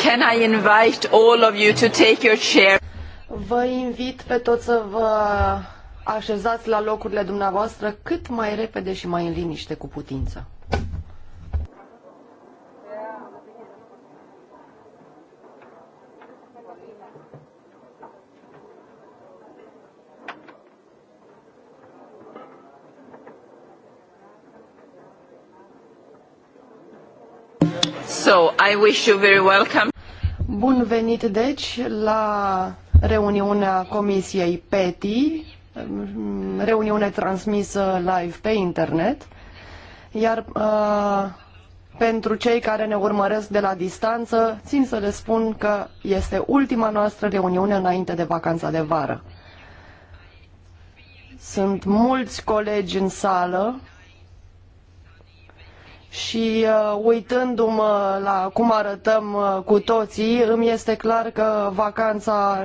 Can I invite all of you to take your chair? Vă invit pe toți să vă așezați la locurile dumneavoastră cât mai repede și mai în liniște cu putință. So, I wish you very welcome Bun venit, deci, la reuniunea Comisiei PETI, reuniune transmisă live pe internet, iar uh, pentru cei care ne urmăresc de la distanță, țin să le spun că este ultima noastră reuniune înainte de vacanța de vară. Sunt mulți colegi în sală, și uh, uitându-mă la cum arătăm uh, cu toții, îmi este clar că vacanța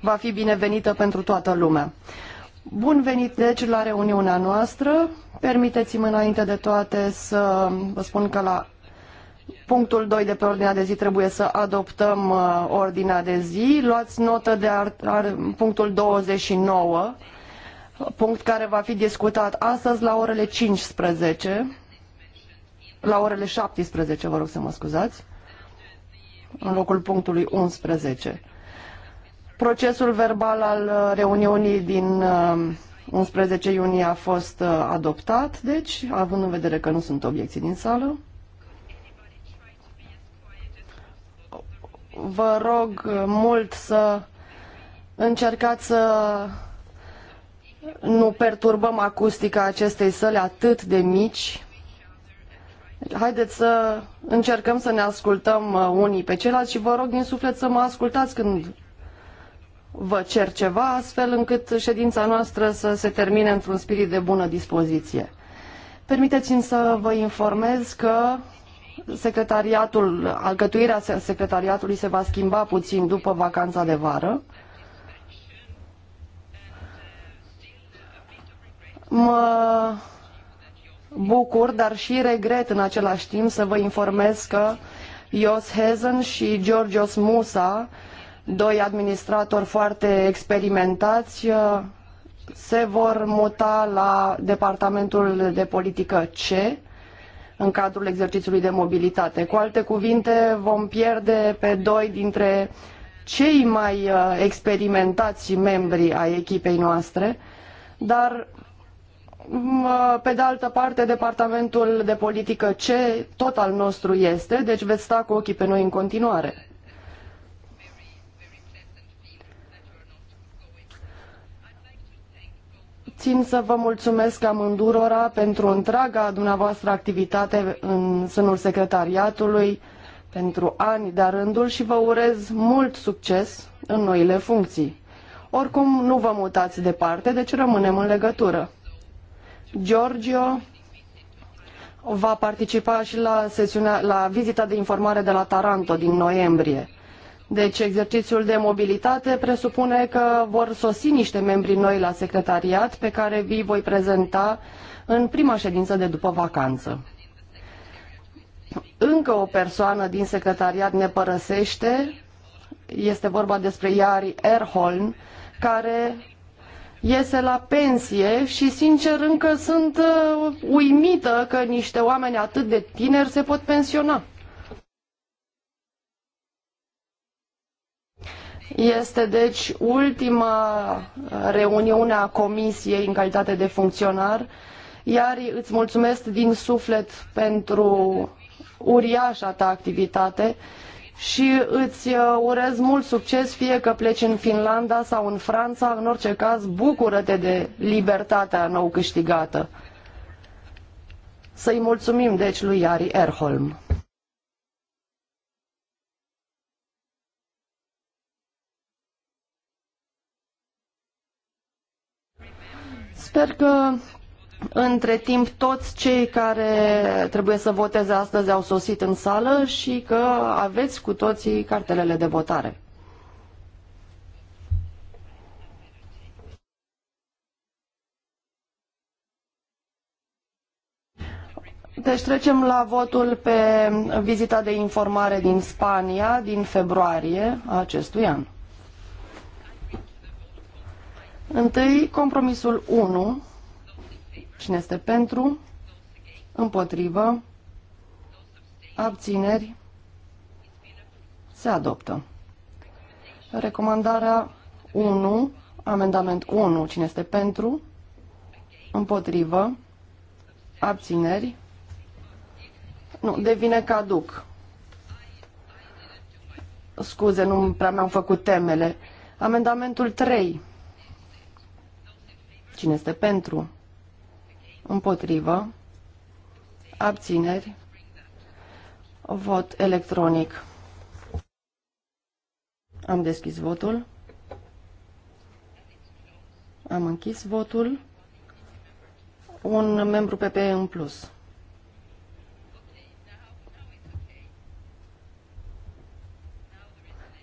va fi binevenită pentru toată lumea. Bun venit deci la reuniunea noastră. Permiteți-mi înainte de toate să vă spun că la punctul doi de pe ordinea de zi trebuie să adoptăm uh, ordinea de zi. Luați notă de ar, ar, punctul 29, punct care va fi discutat astăzi la orele 15 la orele 17, vă rog să mă scuzați, în locul punctului 11. Procesul verbal al reuniunii din 11 uh, iunie a fost uh, adoptat, deci, având în vedere că nu sunt obiecții din sală, vă rog mult să încercați să nu perturbăm acustica acestei săli atât de mici, Haideți să încercăm să ne ascultăm uh, unii pe ceilalți și vă rog din suflet să mă ascultați când vă cer ceva, astfel încât ședința noastră să se termine într-un spirit de bună dispoziție. Permiteți-mi să vă informez că secretariatul, alcătuirea secretariatului se va schimba puțin după vacanța de vară. Mă bucur, dar și regret în același timp să vă informez că Jos Hezen și Georgios Musa, doi administratori foarte experimentați, uh, se vor muta la Departamentul de Politică C în cadrul exercițiului de mobilitate. Cu alte cuvinte, vom pierde pe doi dintre cei mai uh, experimentați membri ai echipei noastre, dar pe de altă parte, departamentul de politică C tot al nostru este, deci veți sta cu ochii pe noi în continuare. Țin să vă mulțumesc amândurora pentru întreaga dumneavoastră activitate în sânul secretariatului, pentru ani de rândul și vă urez mult succes în noile funcții. Oricum, nu vă mutați departe, deci rămânem în legătură. Giorgio va participa și la, sesiunea, la vizita de informare de la Taranto din noiembrie. Deci exercițiul de mobilitate presupune că vor sosi niște membri noi la secretariat pe care vi voi prezenta în prima ședință de după vacanță. Încă o persoană din secretariat ne părăsește, este vorba despre Iari Erholm, care iese la pensie și, sincer, încă sunt uh, uimită că niște oameni atât de tineri se pot pensiona. Este deci ultima uh, reuniune a comisiei în calitate de funcționar, iar îți mulțumesc din suflet pentru uriașa ta activitate și îți uh, urez mult succes, fie că pleci în Finlanda sau în Franța, în orice caz bucură-te de libertatea nou câștigată. Să-i mulțumim deci lui Ari Erholm. Sper că între timp toți cei care trebuie să voteze astăzi au sosit în sală și că aveți cu toții cartelele de votare. Deci trecem la votul pe vizita de informare din Spania din februarie acestui an. Întâi, compromisul 1 Cine este pentru? Împotrivă? Abțineri? Se adoptă. Recomandarea 1, amendament 1, cine este pentru? Împotrivă? Abțineri? Nu, devine caduc. Scuze, nu prea mi-am făcut temele. Amendamentul 3. Cine este pentru? împotrivă, abțineri, vot electronic. Am deschis votul. Am închis votul. Un membru PP în plus.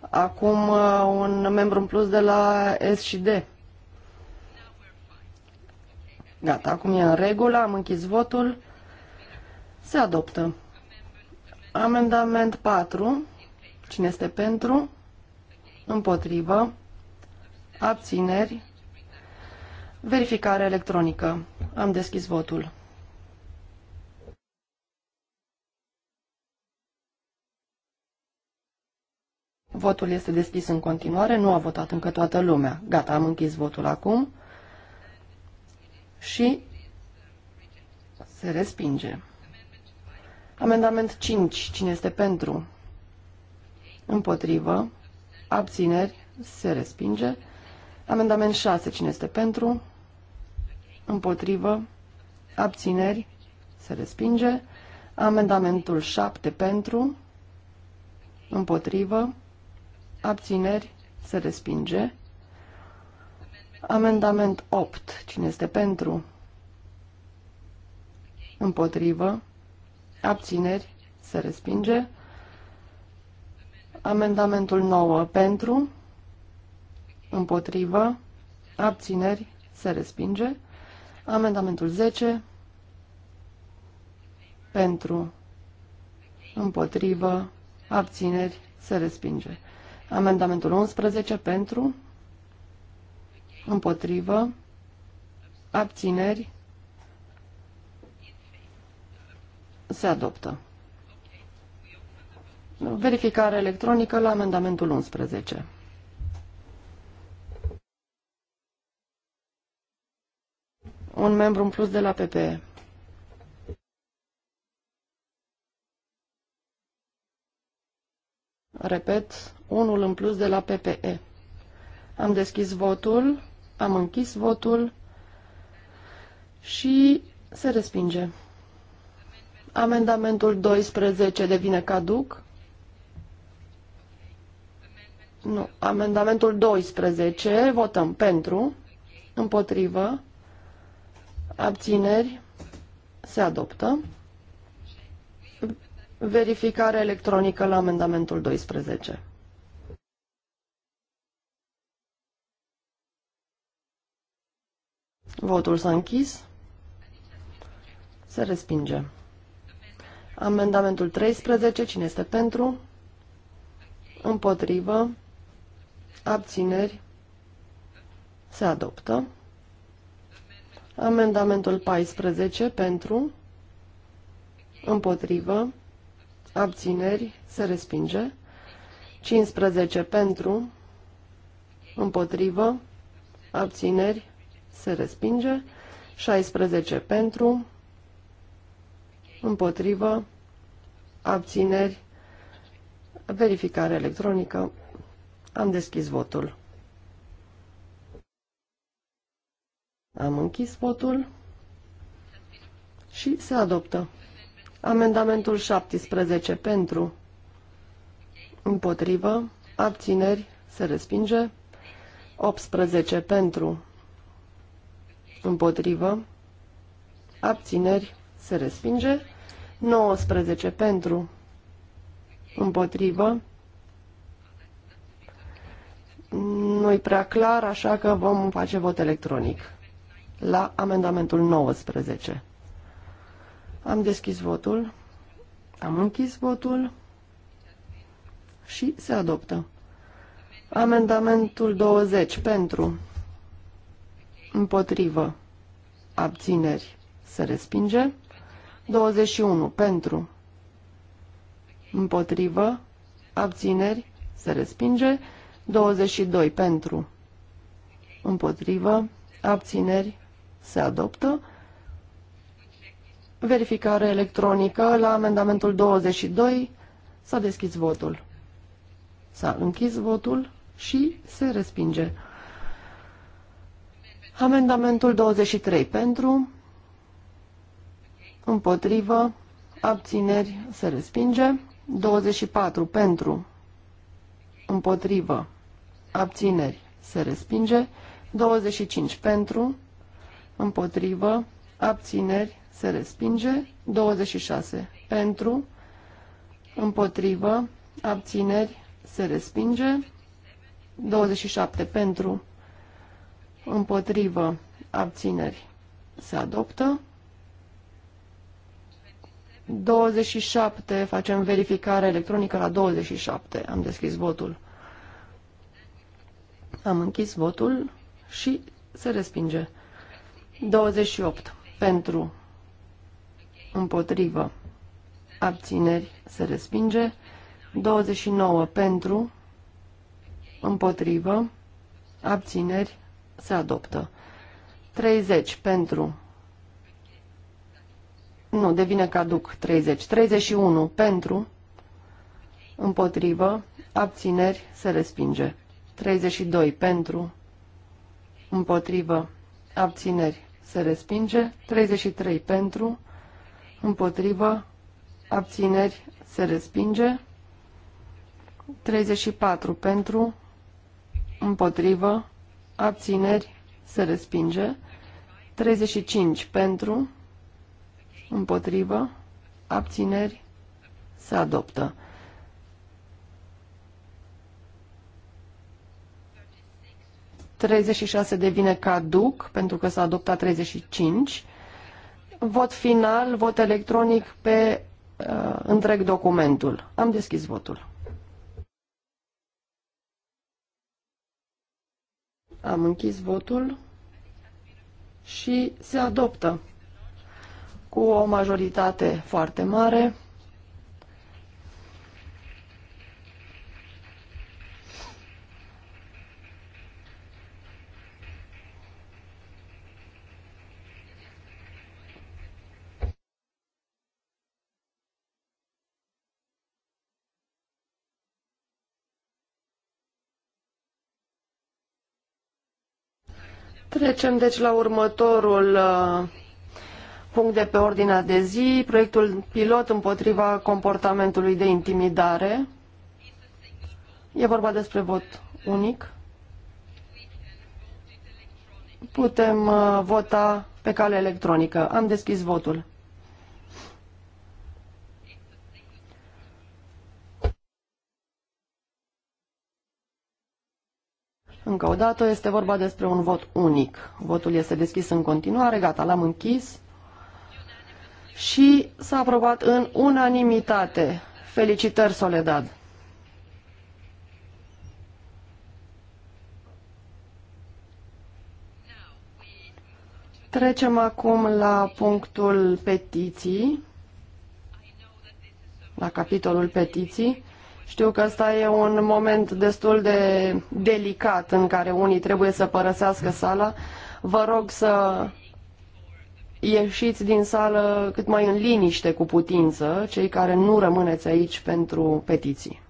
Acum uh, un membru în plus de la S și D. Gata, acum e în regulă, am închis votul. Se adoptă. Amendament 4. Cine este pentru? Împotrivă. Abțineri. Verificare electronică. Am deschis votul. Votul este deschis în continuare, nu a votat încă toată lumea. Gata, am închis votul acum și se respinge. Amendament 5. Cine este pentru? Împotrivă. Abțineri. Se respinge. Amendament 6. Cine este pentru? Împotrivă. Abțineri. Se respinge. Amendamentul 7 pentru. Împotrivă. Abțineri. Se respinge. Amendament 8. Cine este pentru? Împotrivă. Abțineri. Se respinge. Amendamentul 9. Pentru. Împotrivă. Abțineri. Se respinge. Amendamentul 10. Pentru. Împotrivă. Abțineri. Se respinge. Amendamentul 11. Pentru împotrivă, abțineri, se adoptă. Verificare electronică la amendamentul 11. Un membru în plus de la PPE. Repet, unul în plus de la PPE. Am deschis votul. Am închis votul și se respinge. Amendamentul 12 devine caduc. Nu. Amendamentul 12. Votăm pentru. Împotrivă. Abțineri. Se adoptă. Verificare electronică la amendamentul 12. Votul s-a închis. Se respinge. Amendamentul 13. Cine este pentru? Împotrivă. Abțineri. Se adoptă. Amendamentul 14. Pentru. Împotrivă. Abțineri. Se respinge. 15. Pentru. Împotrivă. Abțineri se respinge, 16 pentru, împotrivă, abțineri, verificare electronică, am deschis votul. Am închis votul și se adoptă. Amendamentul 17 pentru, împotrivă, abțineri, se respinge, 18 pentru, împotrivă, abțineri, se respinge, 19 pentru, împotrivă, nu-i prea clar, așa că vom face vot electronic la amendamentul 19. Am deschis votul, am închis votul și se adoptă. Amendamentul 20 pentru împotrivă, abțineri, se respinge. 21 pentru, împotrivă, abțineri, se respinge. 22 pentru, împotrivă, abțineri, se adoptă. Verificare electronică la amendamentul 22. S-a deschis votul. S-a închis votul și se respinge. Amendamentul 23 pentru, împotrivă, abțineri se respinge. 24 pentru, împotrivă, abțineri se respinge. 25 pentru, împotrivă, abțineri se respinge. 26 pentru, împotrivă, abțineri se respinge. 27 pentru, împotrivă, abțineri, se adoptă. 27, facem verificare electronică la 27, am deschis votul. Am închis votul și se respinge. 28, pentru, împotrivă, abțineri, se respinge. 29, pentru, împotrivă, abțineri, se adoptă. 30 pentru. Nu, devine caduc 30. 31 pentru. Împotrivă. Abțineri se respinge. 32 pentru. Împotrivă. Abțineri se respinge. 33 pentru. Împotrivă. Abțineri se respinge. 34 pentru. Împotrivă abțineri, se respinge. 35 pentru, împotrivă, abțineri, se adoptă. 36 devine caduc, pentru că s-a adoptat 35. Vot final, vot electronic pe uh, întreg documentul. Am deschis votul. Am închis votul și se adoptă cu o majoritate foarte mare. Trecem deci la următorul uh, punct de pe ordinea de zi, proiectul pilot împotriva comportamentului de intimidare. E vorba despre vot unic. Putem uh, vota pe cale electronică. Am deschis votul. Încă o dată este vorba despre un vot unic. Votul este deschis în continuare, gata, l-am închis și s-a aprobat în unanimitate. Felicitări, Soledad! Trecem acum la punctul petiții, la capitolul petiții. Știu că ăsta e un moment destul de delicat în care unii trebuie să părăsească sala. Vă rog să ieșiți din sală cât mai în liniște cu putință, cei care nu rămâneți aici pentru petiții.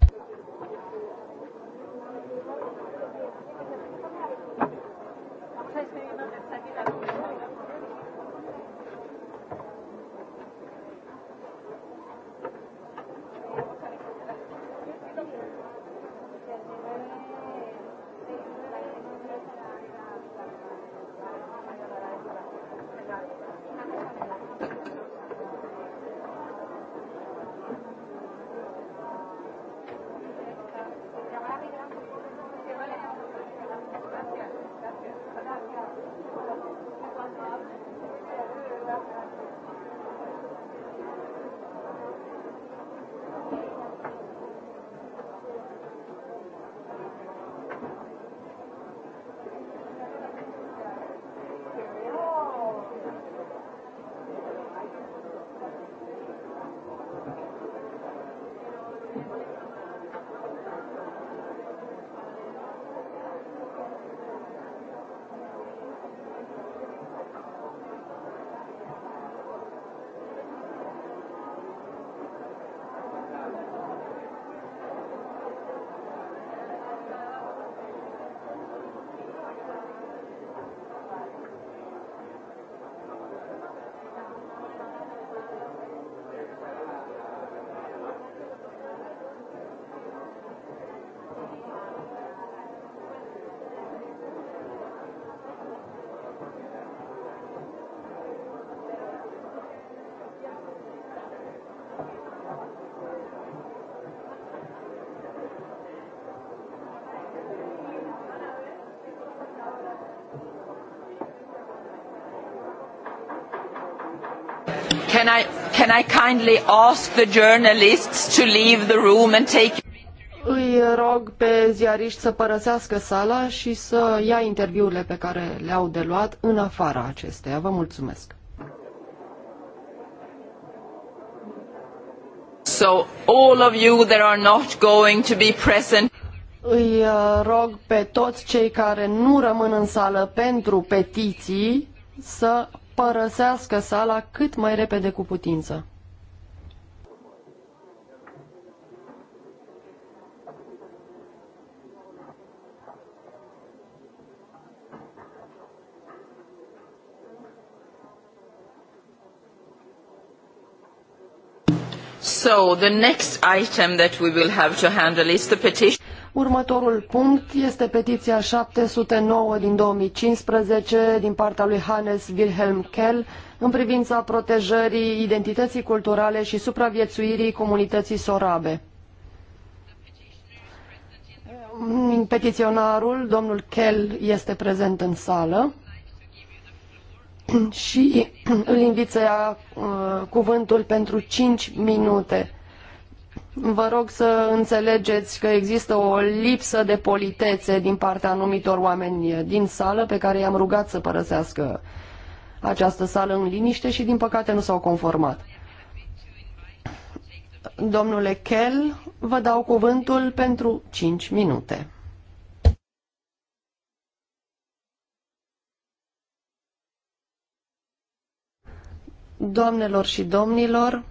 Can I, can I kindly ask the journalists to leave the room and take îi rog pe ziariști să părăsească sala și să ia interviurile pe care le-au de luat în afara acesteia. Vă mulțumesc. So all of you that are not going to be present îi uh, rog pe toți cei care nu rămân în sală pentru petiții să părăsească sala cât mai repede cu putință. So the next item that we will have to handle is the petition. Următorul punct este petiția 709 din 2015 din partea lui Hannes Wilhelm Kell în privința protejării identității culturale și supraviețuirii comunității sorabe. Petiționarul, domnul Kell, este prezent în sală și îl invit să ia uh, cuvântul pentru 5 minute Vă rog să înțelegeți că există o lipsă de politețe din partea anumitor oameni din sală pe care i-am rugat să părăsească această sală în liniște și din păcate nu s-au conformat. Domnule Kell, vă dau cuvântul pentru 5 minute. Doamnelor și domnilor,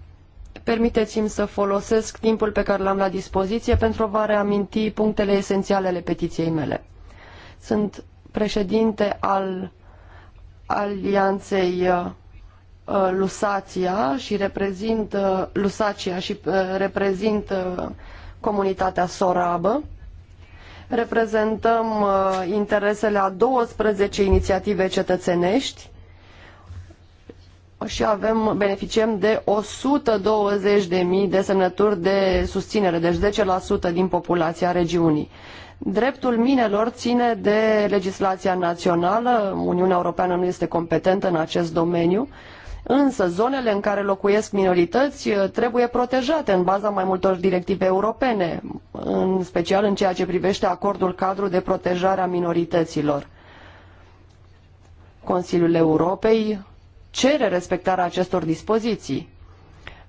permiteți-mi să folosesc timpul pe care l-am la dispoziție pentru a vă reaminti punctele esențiale ale petiției mele. Sunt președinte al Alianței uh, uh, Lusația și reprezint uh, Lusacia și reprezint comunitatea sorabă. Reprezentăm interesele a 12 inițiative cetățenești și avem, beneficiem de 120.000 de semnături de susținere, deci 10% din populația regiunii. Dreptul minelor ține de legislația națională, Uniunea Europeană nu este competentă în acest domeniu, însă zonele în care locuiesc minorități uh, trebuie protejate în baza mai multor directive europene, în special în ceea ce privește acordul cadru de protejare a minorităților. Consiliul Europei cere respectarea acestor dispoziții.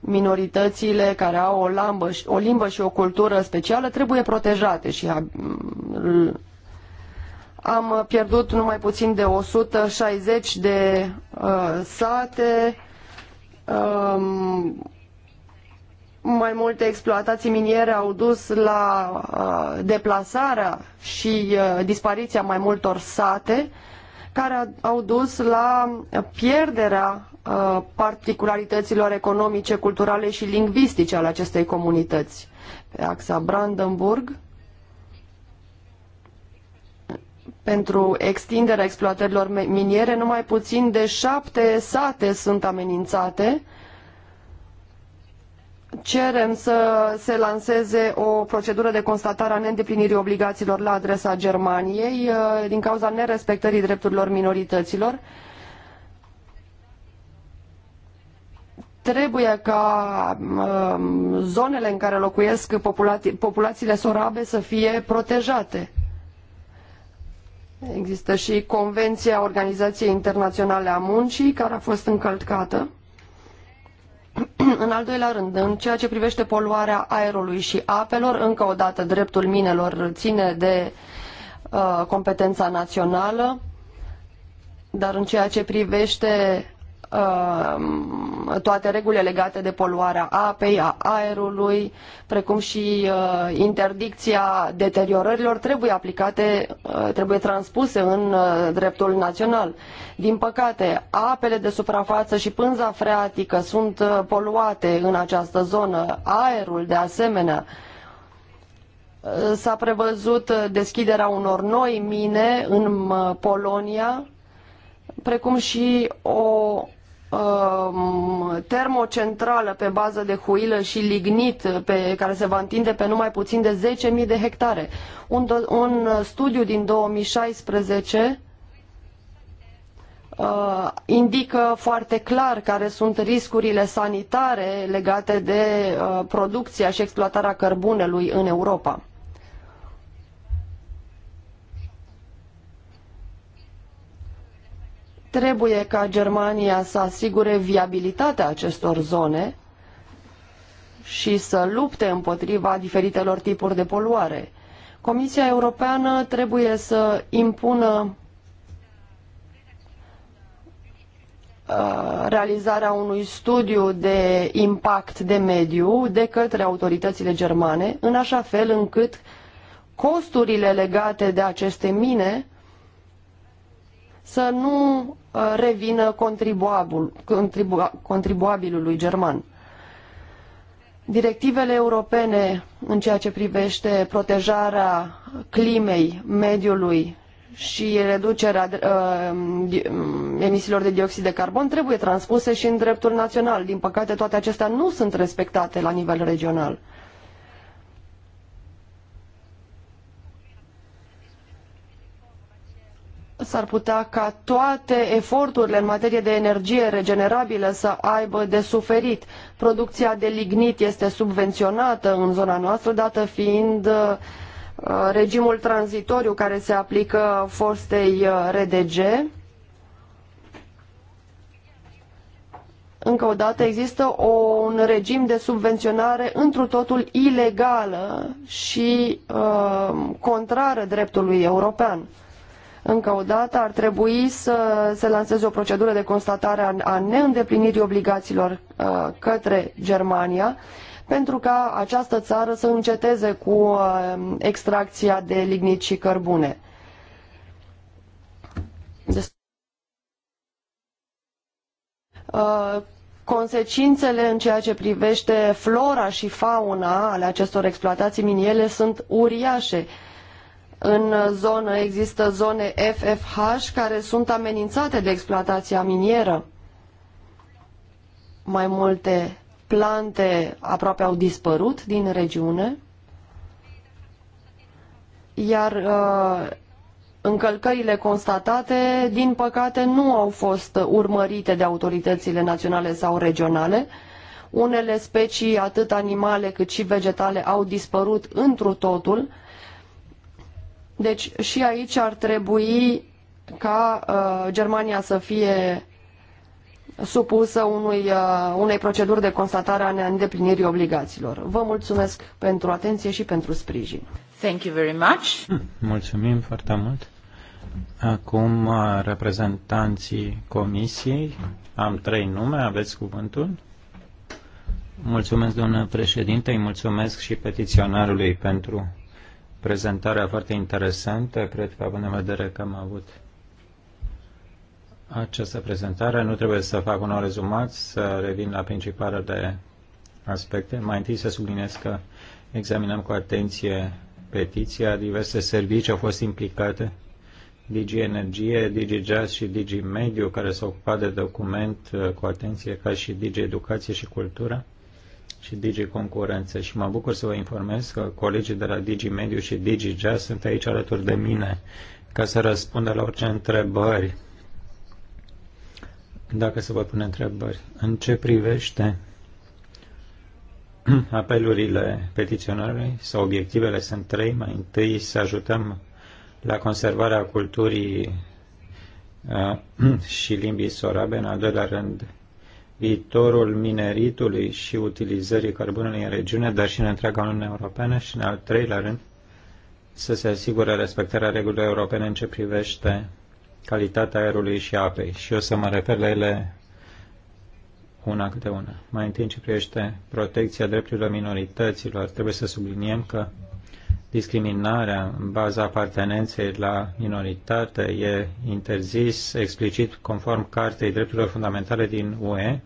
Minoritățile care au o, lambă, o limbă și o cultură specială trebuie protejate și am pierdut numai puțin de 160 de uh, sate, um, mai multe exploatații miniere au dus la uh, deplasarea și uh, dispariția mai multor sate care au dus la pierderea uh, particularităților economice, culturale și lingvistice ale acestei comunități. Pe axa Brandenburg, pentru extinderea exploatărilor miniere, numai puțin de șapte sate sunt amenințate, cerem să se lanseze o procedură de constatare a neîndeplinirii obligațiilor la adresa Germaniei uh, din cauza nerespectării drepturilor minorităților. Trebuie ca um, zonele în care locuiesc populații, populațiile sorabe să fie protejate. Există și Convenția Organizației Internaționale a Muncii, care a fost încălcată. În al doilea rând, în ceea ce privește poluarea aerului și apelor, încă o dată dreptul minelor ține de uh, competența națională, dar în ceea ce privește Uh, toate regulile legate de poluarea apei, a aerului, precum și uh, interdicția deteriorărilor trebuie aplicate, uh, trebuie transpuse în dreptul național. Din păcate, apele de suprafață și pânza freatică sunt poluate în această zonă, aerul de asemenea. S-a prevăzut deschiderea unor noi mine în Polonia, precum și o Um, termocentrală pe bază de huilă și lignit pe, care se va întinde pe numai puțin de 10.000 de hectare. Un, un studiu din 2016 uh, indică foarte clar care sunt riscurile sanitare legate de uh, producția și exploatarea cărbunelui în Europa. Trebuie ca Germania să asigure viabilitatea acestor zone și să lupte împotriva diferitelor tipuri de poluare. Comisia Europeană trebuie să impună uh, realizarea unui studiu de impact de mediu de către autoritățile germane, în așa fel încât costurile legate de aceste mine să nu uh, revină contribuabil, contribu, contribuabilului german. Directivele europene în ceea ce privește protejarea climei, mediului și reducerea uh, mm, emisiilor de dioxid de carbon trebuie transpuse și în dreptul național. Din păcate, toate acestea nu sunt respectate la nivel regional. s-ar putea ca toate eforturile în materie de energie regenerabilă să aibă de suferit. Producția de lignit este subvenționată în zona noastră, dată fiind uh, regimul tranzitoriu care se aplică fostei uh, RDG. Încă o dată există un regim de subvenționare întru totul ilegală și uh, contrară dreptului european. Încă o dată ar trebui să se lanseze o procedură de constatare a neîndeplinirii obligațiilor uh, către Germania pentru ca această țară să înceteze cu uh, extracția de lignit și cărbune. Uh, consecințele în ceea ce privește flora și fauna ale acestor exploatații miniere sunt uriașe. Uh, în zonă există zone FFH care sunt amenințate de exploatația minieră. Mai multe plante aproape au dispărut din regiune, iar uh, încălcările constatate, din păcate, nu au fost urmărite de autoritățile naționale sau regionale. Unele specii, atât animale cât și vegetale, au dispărut întru totul, deci și aici ar trebui ca uh, Germania să fie supusă unui, uh, unei proceduri de constatare a neîndeplinirii obligațiilor. Vă mulțumesc pentru atenție și pentru sprijin. Thank you very much. Hmm, mulțumim foarte mult. Acum uh, reprezentanții comisiei. Am trei nume, aveți cuvântul. Mulțumesc, domnule președinte, îi mulțumesc și petiționarului pentru prezentarea foarte interesantă. Cred că, având în vedere că am avut această prezentare, nu trebuie să fac un rezumat, să revin la principalele aspecte. Mai întâi să subliniez că examinăm cu atenție petiția. Diverse servicii au fost implicate. Digi Energie, Digi Jazz și Digi Mediu, care s-au ocupat de document uh, cu atenție, ca și Digi Educație și Cultură și Digi Concurență și mă bucur să vă informez că colegii de la Digi Mediu și Digi Jazz sunt aici alături de mine ca să răspundă la orice întrebări. Dacă se vă pune întrebări, în ce privește apelurile petiționarului sau obiectivele sunt trei. Mai întâi să ajutăm la conservarea culturii uh, și limbii sorabe, în al doilea rând viitorul mineritului și utilizării cărbunului în regiune, dar și în întreaga Uniune Europeană și, în al treilea rând, să se asigure respectarea regulilor europene în ce privește calitatea aerului și apei. Și o să mă refer la ele una câte una. Mai întâi în ce privește protecția drepturilor minorităților, trebuie să subliniem că discriminarea în baza apartenenței la minoritate e interzis explicit conform Cartei Drepturilor Fundamentale din UE.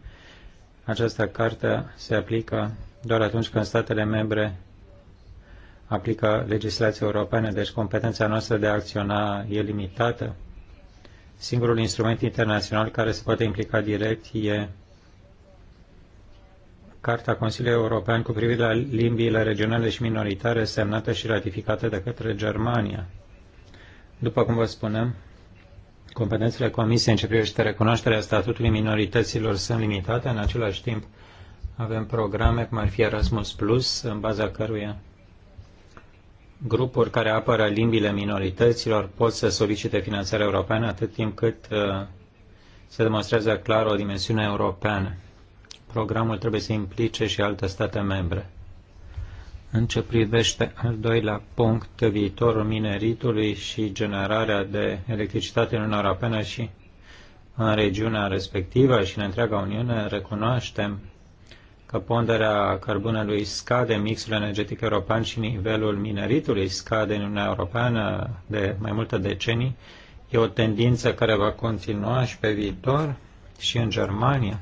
Această carte se aplică doar atunci când statele membre aplică legislația europeană, deci competența noastră de a acționa e limitată. Singurul instrument internațional care se poate implica direct e Carta Consiliului European cu privire la limbile regionale și minoritare semnată și ratificată de către Germania. După cum vă spunem, competențele Comisiei în ce privește recunoașterea statutului minorităților sunt limitate. În același timp, avem programe cum ar fi Erasmus Plus, în baza căruia grupuri care apără limbile minorităților pot să solicite finanțare europeană atât timp cât uh, se demonstrează clar o dimensiune europeană programul trebuie să implice și alte state membre. În ce privește al doilea punct, viitorul mineritului și generarea de electricitate în Uniunea Europeană și în regiunea respectivă și în întreaga Uniune, recunoaștem că ponderea cărbunelui scade în mixul energetic european și nivelul mineritului scade în Uniunea Europeană de mai multe decenii. E o tendință care va continua și pe viitor și în Germania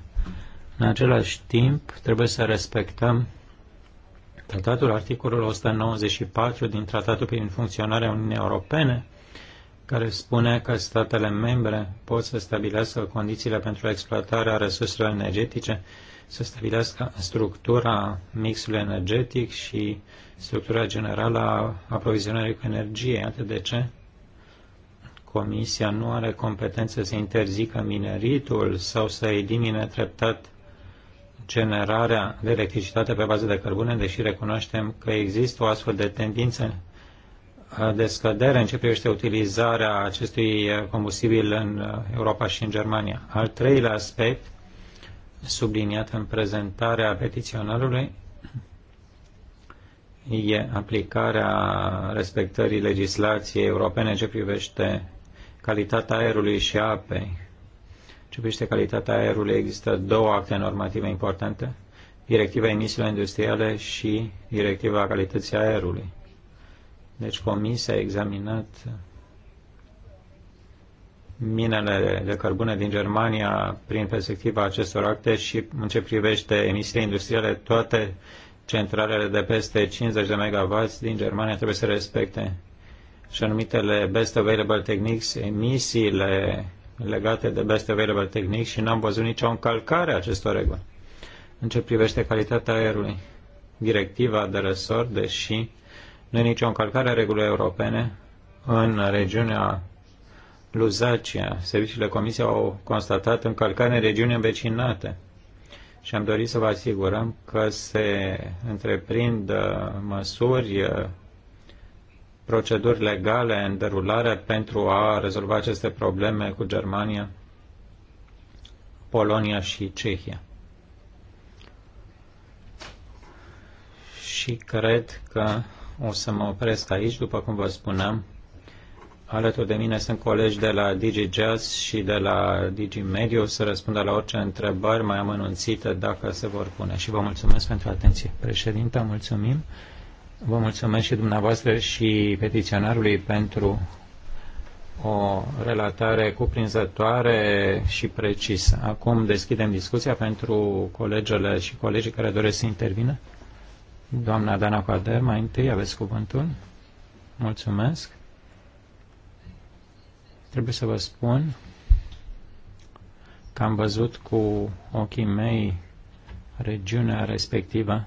în același timp, trebuie să respectăm tratatul articolul 194 din tratatul prin funcționarea Uniunii Europene, care spune că statele membre pot să stabilească condițiile pentru exploatarea resurselor energetice, să stabilească structura mixului energetic și structura generală a aprovizionării cu energie. Iată de ce Comisia nu are competență să interzică mineritul sau să elimine treptat generarea de electricitate pe bază de cărbune, deși recunoaștem că există o astfel de tendință de scădere în ce privește utilizarea acestui combustibil în Europa și în Germania. Al treilea aspect, subliniat în prezentarea petiționarului, e aplicarea respectării legislației europene în ce privește calitatea aerului și apei ce privește calitatea aerului, există două acte normative importante, Directiva Emisiilor Industriale și Directiva Calității Aerului. Deci Comisia a examinat minele de cărbune din Germania prin perspectiva acestor acte și în ce privește emisiile industriale, toate centralele de peste 50 de MW din Germania trebuie să respecte și anumitele Best Available Techniques, emisiile legate de best available Technique și n-am văzut nicio încălcare a acestor reguli. În ce privește calitatea aerului, directiva de resort, deși nu e nicio încălcare a regulilor europene, în regiunea Luzacia, serviciile Comisiei au constatat încălcare în regiuni învecinate și am dorit să vă asigurăm că se întreprind uh, măsuri uh, proceduri legale în derulare pentru a rezolva aceste probleme cu Germania, Polonia și Cehia. Și cred că o să mă opresc aici, după cum vă spuneam. Alături de mine sunt colegi de la DigiJazz și de la DigiMedia. O să răspundă la orice întrebări mai amănunțite dacă se vor pune. Și vă mulțumesc pentru atenție. Președinte, mulțumim. Vă mulțumesc și dumneavoastră și petiționarului pentru o relatare cuprinzătoare și precisă. Acum deschidem discuția pentru colegele și colegii care doresc să intervină. Doamna Dana Coader, mai întâi aveți cuvântul. Mulțumesc. Trebuie să vă spun că am văzut cu ochii mei regiunea respectivă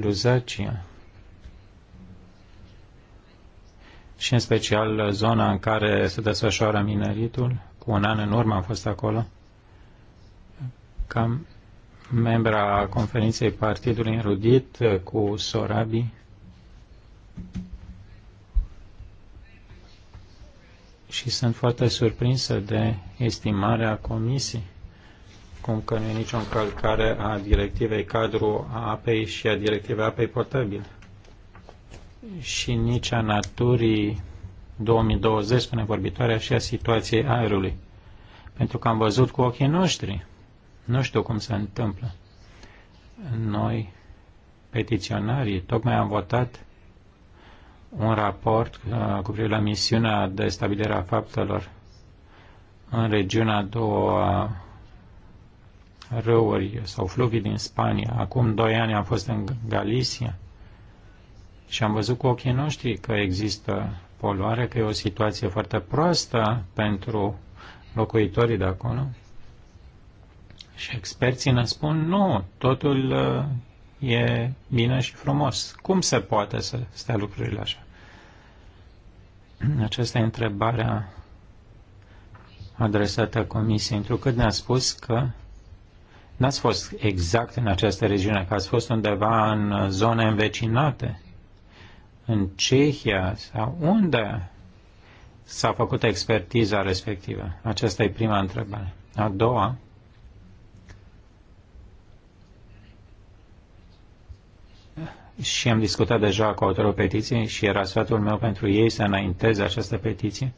Luzacia și în special zona în care se desfășoară mineritul. Cu un an în urmă am fost acolo Cam membra conferinței partidului înrudit cu Sorabi. Și sunt foarte surprinsă de estimarea comisiei cum că nu e nicio încălcare a directivei cadru a apei și a directivei apei potabile și nici a naturii 2020, spune vorbitoarea, și a situației aerului. Pentru că am văzut cu ochii noștri. Nu știu cum se întâmplă. Noi, petiționarii, tocmai am votat un raport uh, cu privire la misiunea de stabilire a faptelor în regiunea a doua râuri sau fluvii din Spania. Acum doi ani am fost în Galicia și am văzut cu ochii noștri că există poluare, că e o situație foarte proastă pentru locuitorii de acolo. Și experții ne spun, nu, totul uh, e bine și frumos. Cum se poate să stea lucrurile așa? Aceasta e întrebarea adresată Comisiei, întrucât ne-a spus că N-ați fost exact în această regiune, că ați fost undeva în zone învecinate, în Cehia sau unde s-a făcut expertiza respectivă? Aceasta e prima întrebare. A doua, și am discutat deja cu autorul petiției și era sfatul meu pentru ei să înainteze această petiție.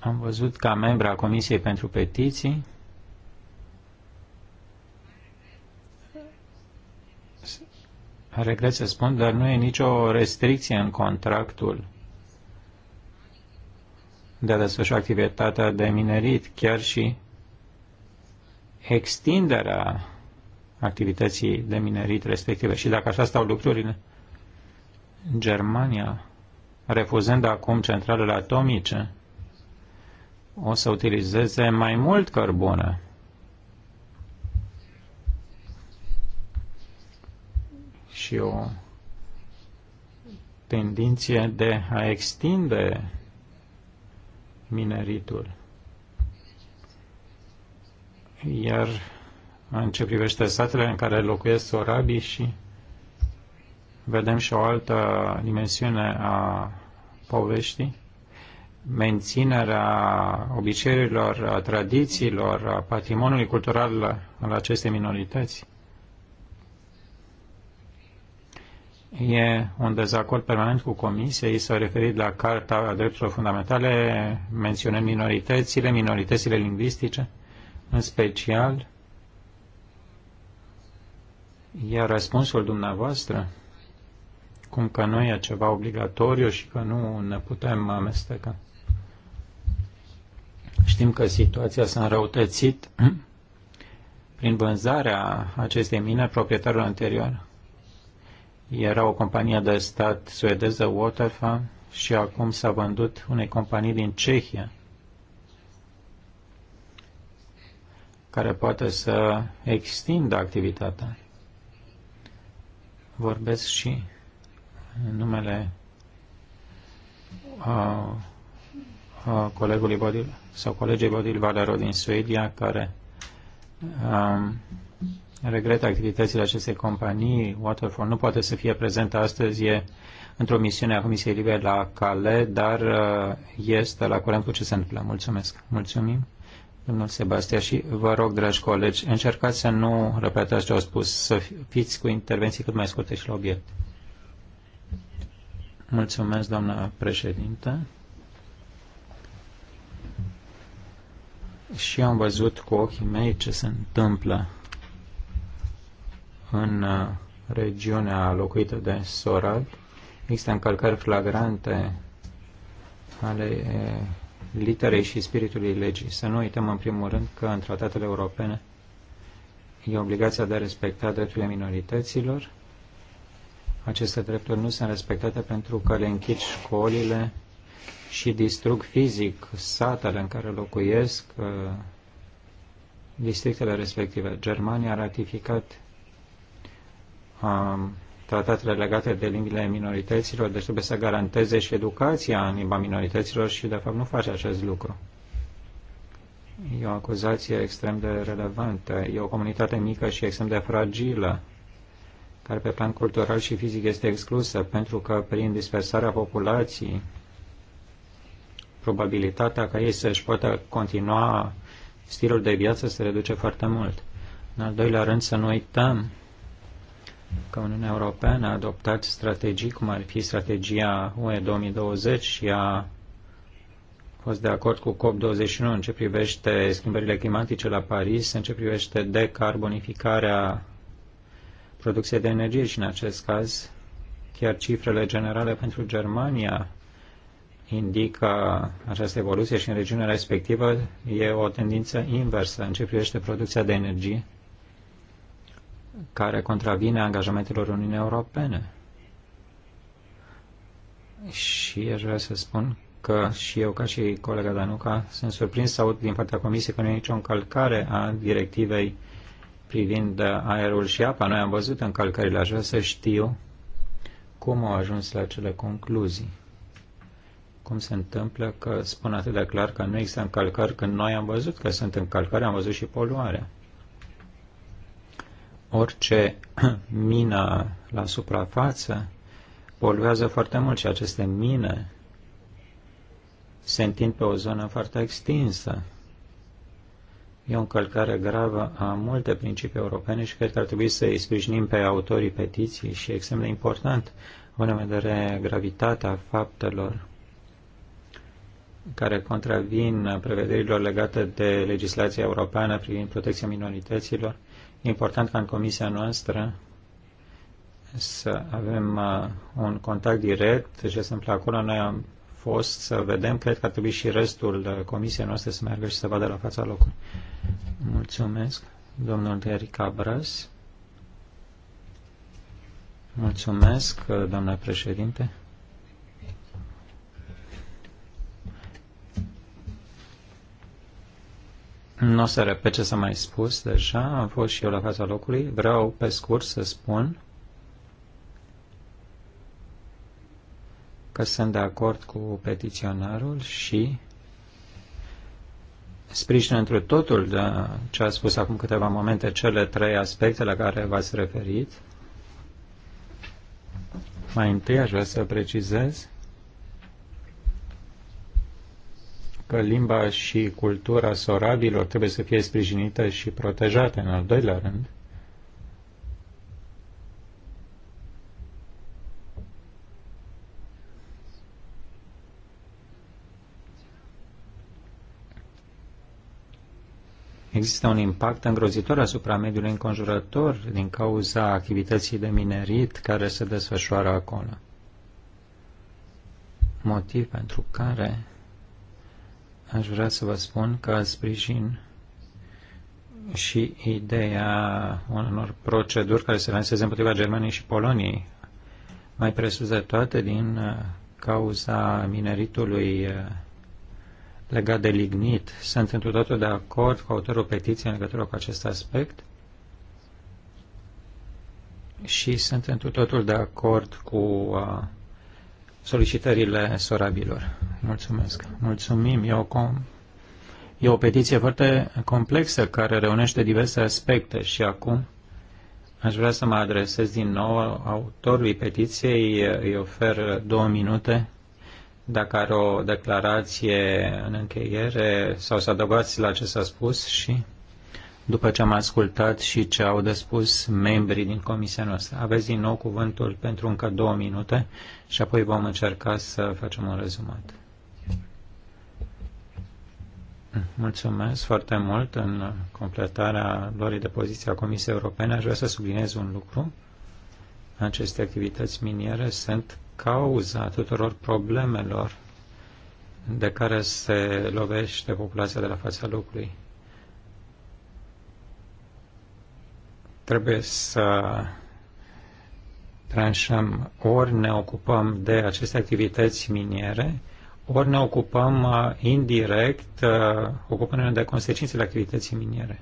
Am văzut ca membra Comisiei pentru Petiții regret să spun, dar nu e nicio restricție în contractul de a desfășura activitatea de minerit, chiar și extinderea activității de minerit respective. Și dacă așa stau lucrurile, Germania, refuzând acum centralele atomice, o să utilizeze mai mult cărbune și o tendinție de a extinde mineritul. Iar în ce privește satele în care locuiesc sorabii și vedem și o altă dimensiune a poveștii, menținerea obiceiurilor, a tradițiilor, a patrimoniului cultural al acestei minorități. e un dezacord permanent cu Comisia. Ei s-au referit la Carta a Drepturilor Fundamentale, menționând minoritățile, minoritățile lingvistice, în special. Iar răspunsul dumneavoastră, cum că nu e ceva obligatoriu și că nu ne putem amesteca. Știm că situația s-a înrăutățit prin vânzarea acestei mine proprietarul anterior era o companie de stat suedeză, Waterfall, și acum s-a vândut unei companii din Cehia, care poate să extindă activitatea. Vorbesc și în numele a, a colegului Bodil sau colegii Bodil Valero din Suedia, care a, regret activitățile acestei companii. Waterfall nu poate să fie prezentă astăzi, e într-o misiune a Comisiei Libere la Cale, dar uh, este la curent cu ce se întâmplă. Mulțumesc. Mulțumim, domnul Sebastian, și vă rog, dragi colegi, încercați să nu repetați ce au spus, să fiți cu intervenții cât mai scurte și la obiect. Mulțumesc, doamnă președinte. Și am văzut cu ochii mei ce se întâmplă în uh, regiunea locuită de Soral. Există încălcări flagrante ale uh, literei și spiritului legii. Să nu uităm în primul rând că în tratatele europene e obligația de a respecta drepturile minorităților. Aceste drepturi nu sunt respectate pentru că le închid școlile și distrug fizic satele în care locuiesc uh, districtele respective. Germania a ratificat um, tratatele legate de limbile minorităților, deci trebuie să garanteze și educația în limba minorităților și, de fapt, nu face acest lucru. E o acuzație extrem de relevantă. E o comunitate mică și extrem de fragilă, care pe plan cultural și fizic este exclusă, pentru că prin dispersarea populației, probabilitatea ca ei să-și poată continua stilul de viață se reduce foarte mult. În al doilea rând, să nu uităm că Uniunea Europeană a adoptat strategii, cum ar fi strategia UE 2020 și a fost de acord cu COP21 în ce privește schimbările climatice la Paris, în ce privește decarbonificarea producției de energie și în acest caz chiar cifrele generale pentru Germania indică această evoluție și în regiunea respectivă e o tendință inversă în ce privește producția de energie care contravine angajamentelor Uniunii Europene. Și aș vrea să spun că și eu, ca și colega Danuca, sunt surprins să aud din partea Comisiei că nu e nicio încălcare a directivei privind aerul și apa. Noi am văzut încălcările, aș vrea să știu cum au ajuns la acele concluzii. Cum se întâmplă că spun atât de clar că nu există încălcări când noi am văzut că sunt încălcări, am văzut și poluarea orice mină la suprafață poluează foarte mult și aceste mine se întind pe o zonă foarte extinsă. E o încălcare gravă a multe principii europene și cred că ar trebui să îi sprijinim pe autorii petiției și extrem de important, în vedere gravitatea faptelor care contravin prevederilor legate de legislația europeană privind protecția minorităților E important ca în comisia noastră să avem uh, un contact direct. de exemplu acolo, noi am fost să vedem. Cred că ar trebui și restul uh, comisiei noastre să meargă și să vadă la fața locului. Mulțumesc, domnul Terry Cabras. Mulțumesc, uh, doamna președinte. Nu o să repet ce s-a mai spus deja, am fost și eu la fața locului. Vreau pe scurt să spun că sunt de acord cu petiționarul și sprijin întru totul de ce a spus acum câteva momente cele trei aspecte la care v-ați referit. Mai întâi aș vrea să precizez că limba și cultura sorabilor trebuie să fie sprijinită și protejate în al doilea rând. Există un impact îngrozitor asupra mediului înconjurător din cauza activității de minerit care se desfășoară acolo. Motiv pentru care aș vrea să vă spun că sprijin și ideea unor proceduri care se lanseze împotriva Germaniei și Poloniei, mai presus de toate din uh, cauza mineritului uh, legat de lignit. Sunt într totul de acord cu autorul petiției în legătură cu acest aspect și sunt într totul de acord cu uh, solicitările sorabilor. Mulțumesc. Mulțumim. E o, com- e o petiție foarte complexă care reunește diverse aspecte și acum aș vrea să mă adresez din nou autorului petiției. Îi ofer două minute dacă are o declarație în încheiere sau să adăugați la ce s-a spus și după ce am ascultat și ce au de spus membrii din comisia noastră. Aveți din nou cuvântul pentru încă două minute și apoi vom încerca să facem un rezumat. Mulțumesc foarte mult. În completarea luării de poziție a Comisiei Europene aș vrea să subliniez un lucru. Aceste activități miniere sunt cauza tuturor problemelor de care se lovește populația de la fața locului. trebuie să tranșăm ori ne ocupăm de aceste activități miniere, ori ne ocupăm uh, indirect, uh, ocupându-ne de consecințele activității miniere.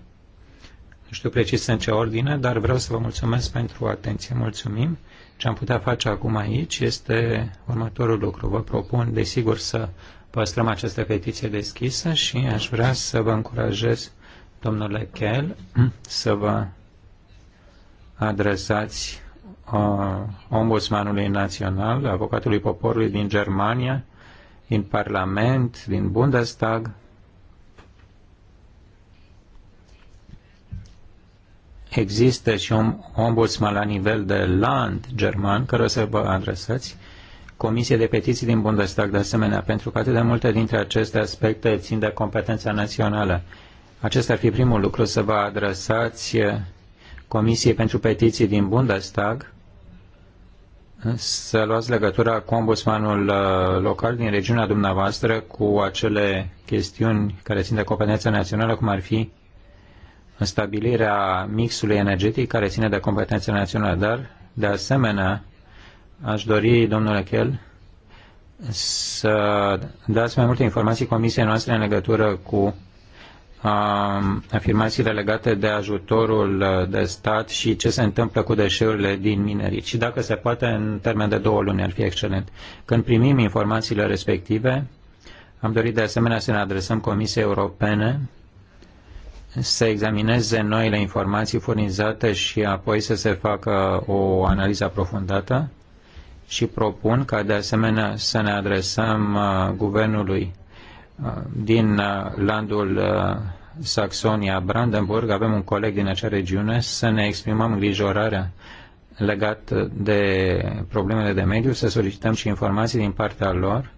Nu știu precis în ce ordine, dar vreau să vă mulțumesc pentru atenție. Mulțumim. Ce am putea face acum aici este următorul lucru. Vă propun, desigur, să păstrăm această petiție deschisă și aș vrea să vă încurajez, domnule Kell, să vă adresați ombudsmanului național, avocatului poporului din Germania, din Parlament, din Bundestag. Există și un ombudsman la nivel de land german, care o să vă adresați, Comisie de Petiții din Bundestag, de asemenea, pentru că atât de multe dintre aceste aspecte țin de competența națională. Acesta ar fi primul lucru, să vă adresați Comisiei pentru Petiții din Bundestag să luați legătura cu ombudsmanul uh, local din regiunea dumneavoastră cu acele chestiuni care țin de competența națională, cum ar fi stabilirea mixului energetic care ține de competența națională. Dar, de asemenea, aș dori, domnule Chel, să dați mai multe informații comisiei noastre în legătură cu afirmațiile legate de ajutorul uh, de stat și ce se întâmplă cu deșeurile din minerit. Și dacă se poate, în termen de două luni ar fi excelent. Când primim informațiile respective, am dorit de asemenea să ne adresăm Comisiei Europene să examineze noile informații furnizate și apoi să se facă o analiză aprofundată și propun ca de asemenea să ne adresăm uh, guvernului din uh, landul uh, Saxonia-Brandenburg, avem un coleg din acea regiune, să ne exprimăm îngrijorarea legat de problemele de mediu, să solicităm și informații din partea lor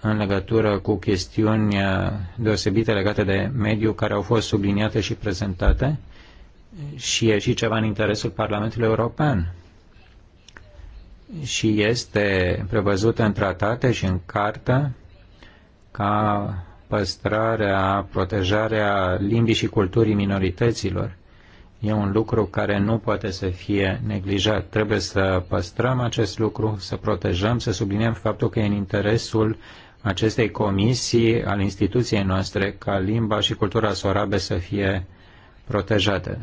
în legătură cu chestiuni uh, deosebite legate de mediu care au fost subliniate și prezentate și e și ceva în interesul Parlamentului European și este prevăzută în tratate și în cartă ca păstrarea, protejarea limbii și culturii minorităților. E un lucru care nu poate să fie neglijat. Trebuie să păstrăm acest lucru, să protejăm, să subliniem faptul că e în interesul acestei comisii al instituției noastre ca limba și cultura sorabe să fie protejate.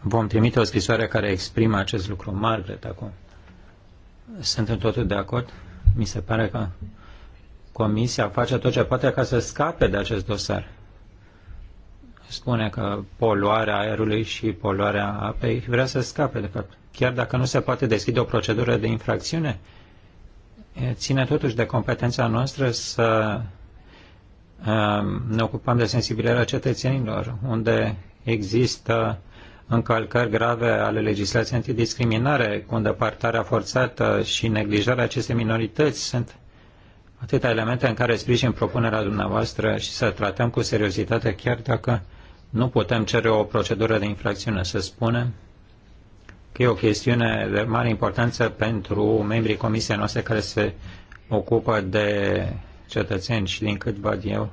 Vom trimite o scrisoare care exprimă acest lucru. Margaret, acum. Sunt în totul de acord? Mi se pare că Comisia face tot ce poate ca să scape de acest dosar. Spune că poluarea aerului și poluarea apei vrea să scape, de fapt. Chiar dacă nu se poate deschide o procedură de infracțiune, ține totuși de competența noastră să ne ocupăm de sensibilizarea cetățenilor, unde există încălcări grave ale legislației antidiscriminare, cu îndepărtarea forțată și neglijarea acestei minorități sunt atâtea elemente în care sprijin propunerea dumneavoastră și să tratăm cu seriozitate, chiar dacă nu putem cere o procedură de infracțiune, să spunem că e o chestiune de mare importanță pentru membrii comisiei noastre care se ocupă de cetățeni și din cât văd eu,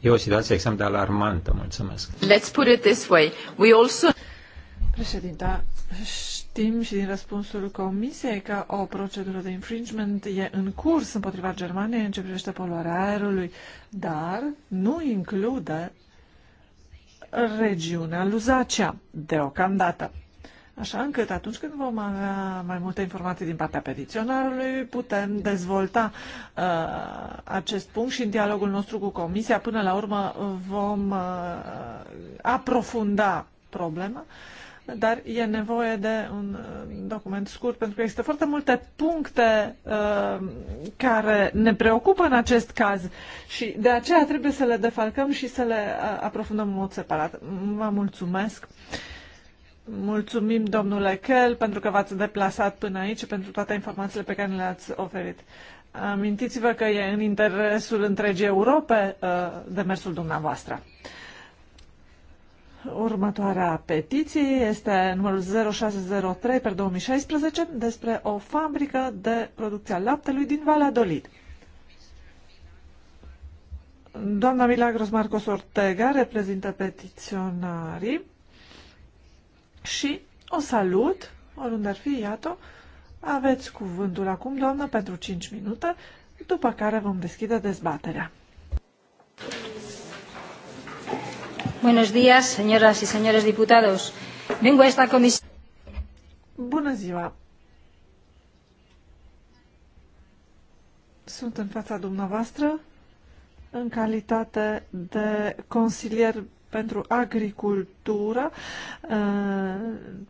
e o situație extrem de alarmantă. Mulțumesc. Let's put it this way. We also... Președinta, Știm și din răspunsul Comisiei că o procedură de infringement e în curs împotriva Germaniei în ce privește poluarea aerului, dar nu include regiunea Luzacea deocamdată. Așa încât atunci când vom avea mai multe informații din partea petiționarului, putem dezvolta uh, acest punct și în dialogul nostru cu Comisia, până la urmă vom uh, aprofunda problema. Uh, dar e nevoie de un um, document scurt, pentru că există foarte multe puncte uh, care ne preocupă în acest caz și de aceea trebuie să le defalcăm și să le uh, aprofundăm în mod separat. Vă mulțumesc! Mulțumim, domnule Kell, pentru că v-ați deplasat până aici, pentru toate informațiile pe care le-ați oferit. Amintiți-vă că e în interesul întregii Europe uh, demersul dumneavoastră. Următoarea petiție este numărul 0603 per 2016 despre o fabrică de producție a laptelui din Dolit. Doamna Milagros Marcos Ortega reprezintă petiționarii și o salut, oriunde ar fi, iată, aveți cuvântul acum, doamnă, pentru 5 minute, după care vom deschide dezbaterea. Buenos días, señoras y señores diputados. Vengo a esta comisión. Bună ziua! Sunt în fața dumneavoastră în calitate de consilier pentru agricultură uh,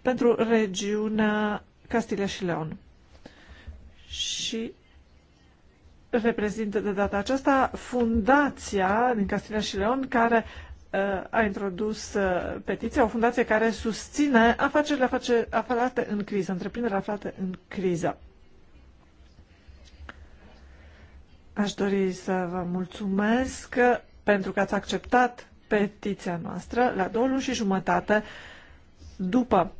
pentru regiunea Castilia și Leon. Și reprezintă de data aceasta fundația din Castilia și Leon care a introdus uh, petiția, o fundație care susține afacerile afacer, aflate în criză, întreprinderile aflate în criză. Aș dori să vă mulțumesc pentru că ați acceptat petiția noastră la două luni și jumătate după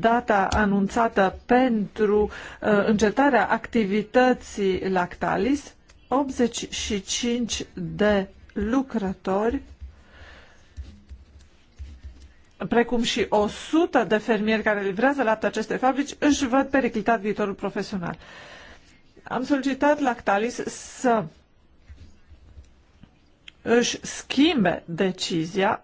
data anunțată pentru uh, încetarea activității Lactalis 85 de lucrători, precum și 100 de fermieri care livrează lapte acestei fabrici, își văd periclitat viitorul profesional. Am solicitat Lactalis să își schimbe decizia.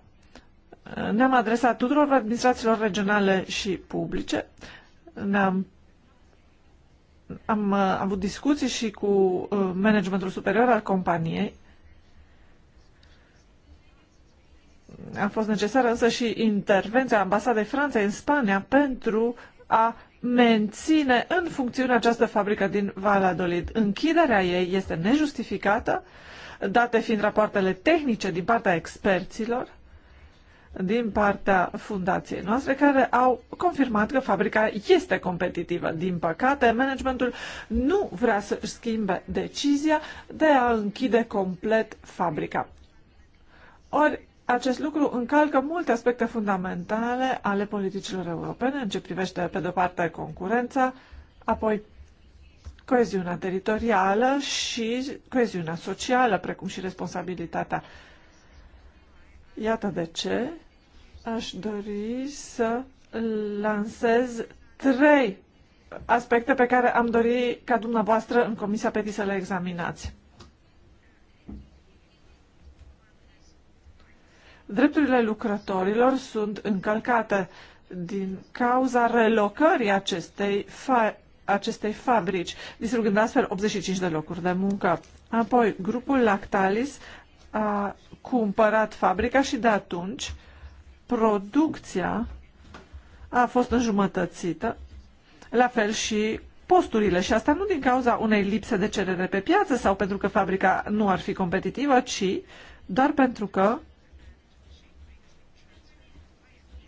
Ne-am adresat tuturor administrațiilor regionale și publice, ne-am Uh, am avut discuții și cu uh, managementul superior al companiei. A fost necesară însă și intervenția ambasadei Franței în Spania pentru a menține în funcțiune această fabrică din Valladolid. Închiderea ei este nejustificată, date fiind rapoartele tehnice din partea experților din partea fundației noastre care au confirmat că fabrica este competitivă. Din păcate, managementul nu vrea să schimbe decizia de a închide complet fabrica. Ori acest lucru încalcă multe aspecte fundamentale ale politicilor europene în ce privește, pe de-o parte, concurența, apoi coeziunea teritorială și coeziunea socială, precum și responsabilitatea Iată de ce aș dori să lansez trei aspecte pe care am dori ca dumneavoastră în Comisia PETI să le examinați. Drepturile lucrătorilor sunt încălcate din cauza relocării acestei, fa- acestei fabrici, distrugând astfel 85 de locuri de muncă. Apoi, grupul Lactalis a cumpărat fabrica și de atunci producția a fost înjumătățită, la fel și posturile și asta nu din cauza unei lipse de cerere pe piață sau pentru că fabrica nu ar fi competitivă, ci doar pentru că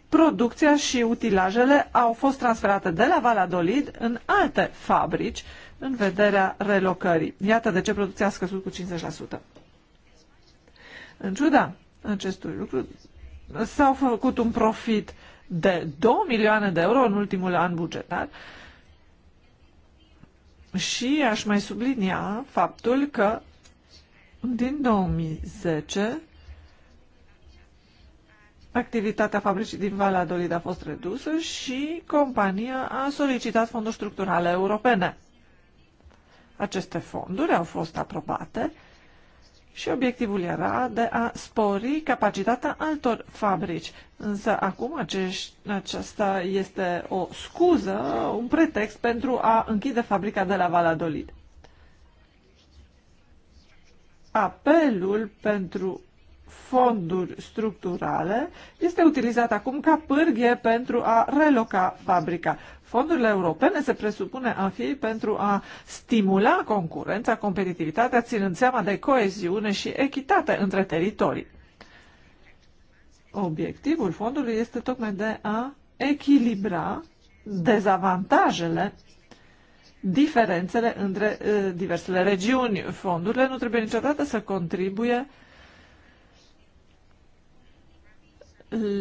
producția și utilajele au fost transferate de la Valladolid în alte fabrici în vederea relocării. Iată de ce producția a scăzut cu 50%. În ciuda acestui lucru, s-au făcut un profit de 2 milioane de euro în ultimul an bugetar și aș mai sublinia faptul că din 2010 activitatea fabricii din Valea Dolid a fost redusă și compania a solicitat fonduri structurale europene. Aceste fonduri au fost aprobate și obiectivul era de a spori capacitatea altor fabrici. Însă acum acești, aceasta este o scuză, un pretext pentru a închide fabrica de la Valladolid. Apelul pentru fonduri structurale este utilizat acum ca pârghie pentru a reloca fabrica. Fondurile europene se presupune a fi pentru a stimula concurența, competitivitatea, ținând seama de coeziune și echitate între teritorii. Obiectivul fondului este tocmai de a echilibra dezavantajele diferențele între uh, diversele regiuni. Fondurile nu trebuie niciodată să contribuie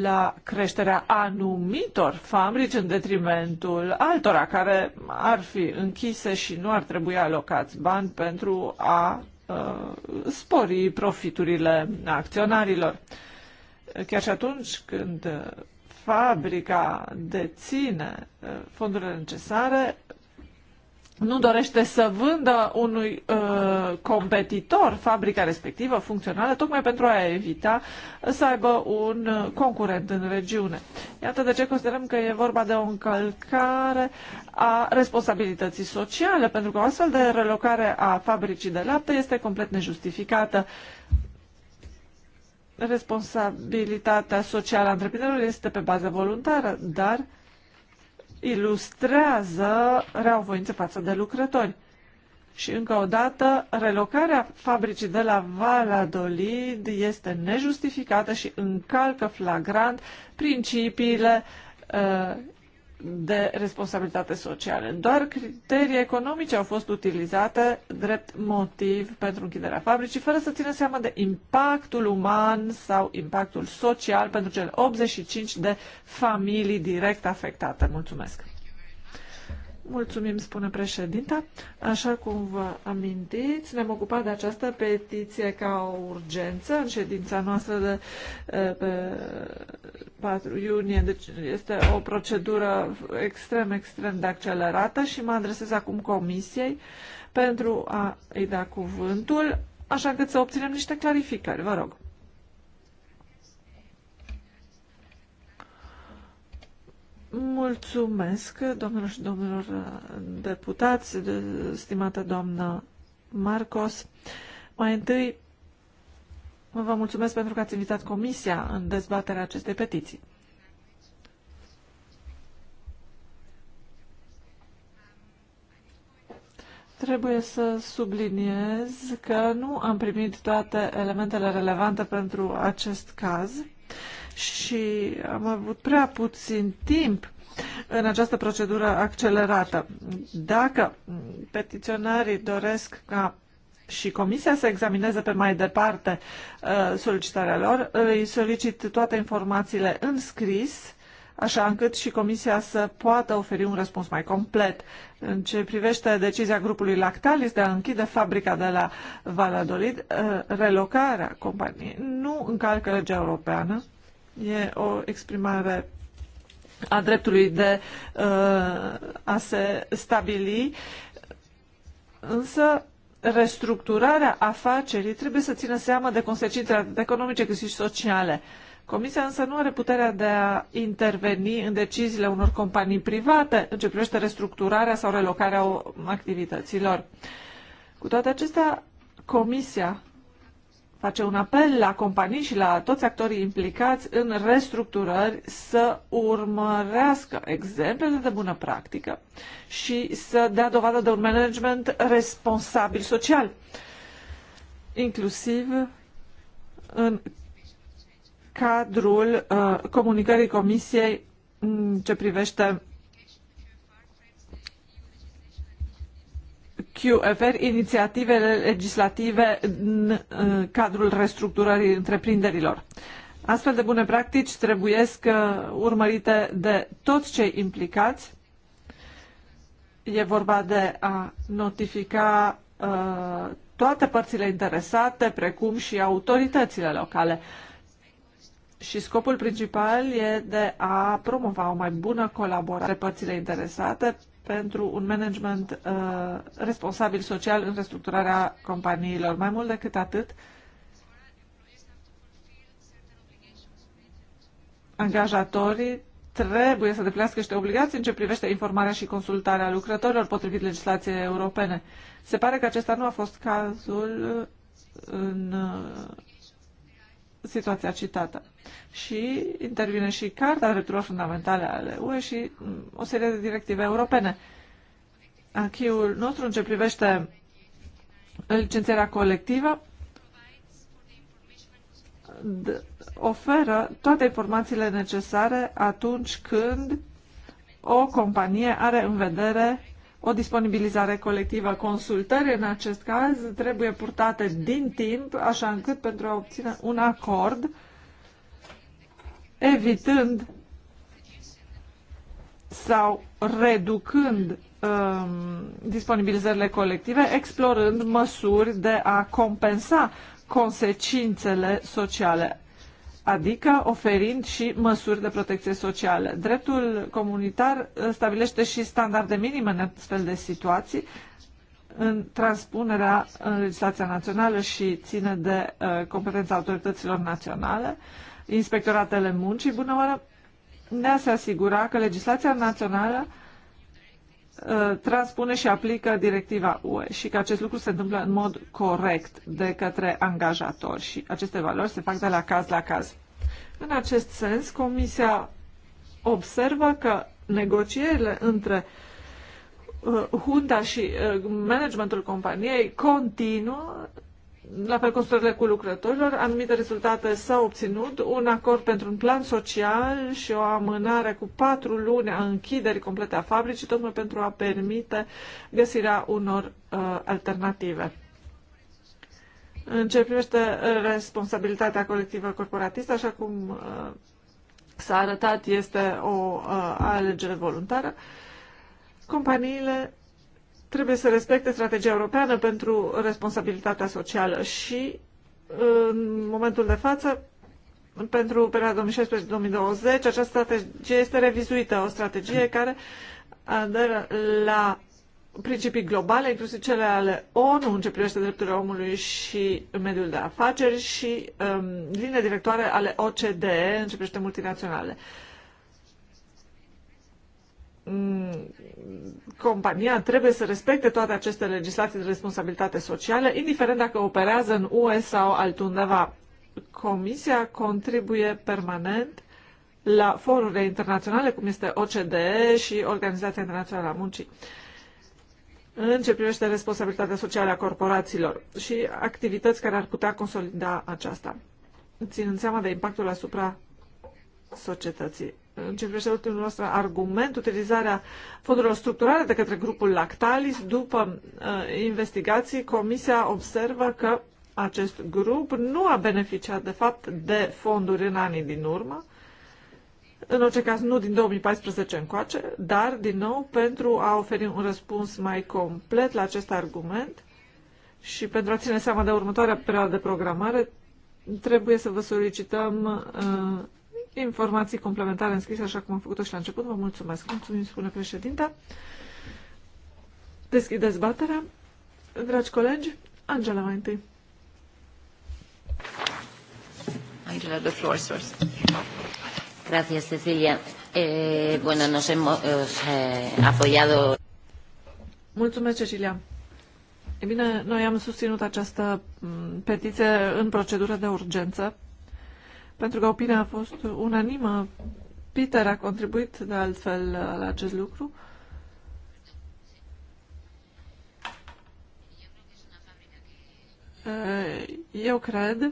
la creșterea anumitor fabrici în detrimentul altora care ar fi închise și nu ar trebui alocați bani pentru a uh, spori profiturile acționarilor. Chiar și atunci când fabrica deține fondurile necesare, nu dorește să vândă unui uh, competitor fabrica respectivă funcțională, tocmai pentru a evita să aibă un uh, concurent în regiune. Iată de ce considerăm că e vorba de o încălcare a responsabilității sociale, pentru că o astfel de relocare a fabricii de lapte este complet nejustificată. Responsabilitatea socială a întreprinderilor este pe bază voluntară, dar uh, ilustrează voință față de lucrători. Și încă o dată, relocarea fabricii de la Valladolid este nejustificată și încalcă flagrant principiile uh, de responsabilitate socială. Doar criterii economice au fost utilizate drept motiv pentru închiderea fabricii, fără să țină seama de impactul uman sau impactul social pentru cele 85 de familii direct afectate. Mulțumesc! Mulțumim, spune președinta. Așa cum vă amintiți, ne-am ocupat de această petiție ca o urgență în ședința noastră de pe 4 iunie. Deci este o procedură extrem, extrem de accelerată și mă adresez acum comisiei pentru a-i da cuvântul, așa că să obținem niște clarificări. Vă rog. Mulțumesc, domnilor și domnilor uh, deputați, de, stimată doamnă Marcos. Mai întâi, vă mulțumesc pentru că ați invitat Comisia în dezbaterea acestei petiții. Trebuie să subliniez că nu am primit toate elementele relevante pentru acest caz și am avut prea puțin timp în această procedură accelerată. Dacă petiționarii doresc ca și comisia să examineze pe mai departe uh, solicitarea lor, îi solicit toate informațiile în scris, așa încât și comisia să poată oferi un răspuns mai complet. În ce privește decizia grupului Lactalis de a închide fabrica de la Valladolid, uh, relocarea companiei nu încalcă legea europeană, E o exprimare a dreptului de uh, a se stabili, însă restructurarea afacerii trebuie să țină seama de consecințele economice cât și sociale. Comisia însă nu are puterea de a interveni în deciziile unor companii private în ce privește restructurarea sau relocarea activităților. Cu toate acestea, Comisia face un apel la companii și la toți actorii implicați în restructurări să urmărească exemplele de bună practică și să dea dovadă de un management responsabil social, inclusiv în cadrul uh, comunicării Comisiei ce privește QFR inițiativele legislative în cadrul restructurării întreprinderilor. Astfel de bune practici trebuie urmărite de toți cei implicați. E vorba de a notifica uh, toate părțile interesate, precum și autoritățile locale. Și scopul principal e de a promova o mai bună colaborare părțile interesate pentru un management uh, responsabil social în restructurarea companiilor. Mai mult decât atât, angajatorii trebuie să deplească niște obligații în ce privește informarea și consultarea lucrătorilor potrivit legislației europene. Se pare că acesta nu a fost cazul în uh, situația citată. Și intervine și Carta Drepturilor Fundamentale ale UE și mm, o serie de directive europene. Achiul nostru în ce privește licențierea colectivă oferă toate informațiile necesare atunci când o companie are în vedere o disponibilizare colectivă. Consultări în acest caz trebuie purtate din timp, așa încât pentru a obține un acord, evitând sau reducând um, disponibilizările colective, explorând măsuri de a compensa consecințele sociale adică oferind și măsuri de protecție socială. Dreptul comunitar uh, stabilește și standarde minime în astfel de situații în transpunerea în legislația națională și ține de uh, competența autorităților naționale, inspectoratele muncii, bună oară, ne a se asigura că legislația națională uh, Uh, transpune și aplică directiva UE și că acest lucru se întâmplă în mod corect de către angajator și aceste valori se fac de la caz la caz. În acest sens, Comisia observă că negocierile între Hunda uh, și uh, managementul companiei continuă la fel cum stările cu lucrătorilor, anumite rezultate s-au obținut, un acord pentru un plan social și o amânare cu patru luni a închiderii complete a fabricii, tocmai pentru a permite găsirea unor uh, alternative. În ce privește uh, responsabilitatea colectivă corporatistă, așa cum uh, s-a arătat, este o uh, alegere voluntară. Companiile trebuie să respecte strategia europeană pentru responsabilitatea socială și în momentul de față pentru perioada 2016-2020 această strategie este revizuită, o strategie care aderă la principii globale, inclusiv cele ale ONU în ce privește drepturile omului și mediul de afaceri și um, linii directoare ale OCDE în ce privește multinaționale. Uh, Mm, compania trebuie să respecte toate aceste legislații de responsabilitate socială, indiferent dacă operează în UE sau altundeva. Comisia contribuie permanent la forurile internaționale, cum este OCDE și Organizația Internațională a Muncii, în ce privește responsabilitatea socială a corporațiilor și activități care ar putea consolida aceasta, ținând seama de impactul asupra societății în ce privește ultimul nostru argument, utilizarea fondurilor structurale de către grupul Lactalis. După uh, investigații, Comisia observă că acest grup nu a beneficiat, de fapt, de fonduri în anii din urmă, în orice caz nu din 2014 încoace, dar, din nou, pentru a oferi un răspuns mai complet la acest argument și pentru a ține seama de următoarea perioadă de programare, trebuie să vă solicităm uh, informații complementare înscrise, așa cum am făcut-o și la început. Vă mulțumesc. Mulțumim, spune președinte. Deschid dezbaterea. Dragi colegi, Angela mai întâi. Angela, the floor is yours. Gracias, Cecilia. Eh, bueno, nos hemos eh, apoyado. Mulțumesc, Cecilia. E bine, noi am susținut această mm, petiție în procedură de urgență pentru că opinia a fost unanimă. Peter a contribuit de altfel la acest lucru. Eh, eu cred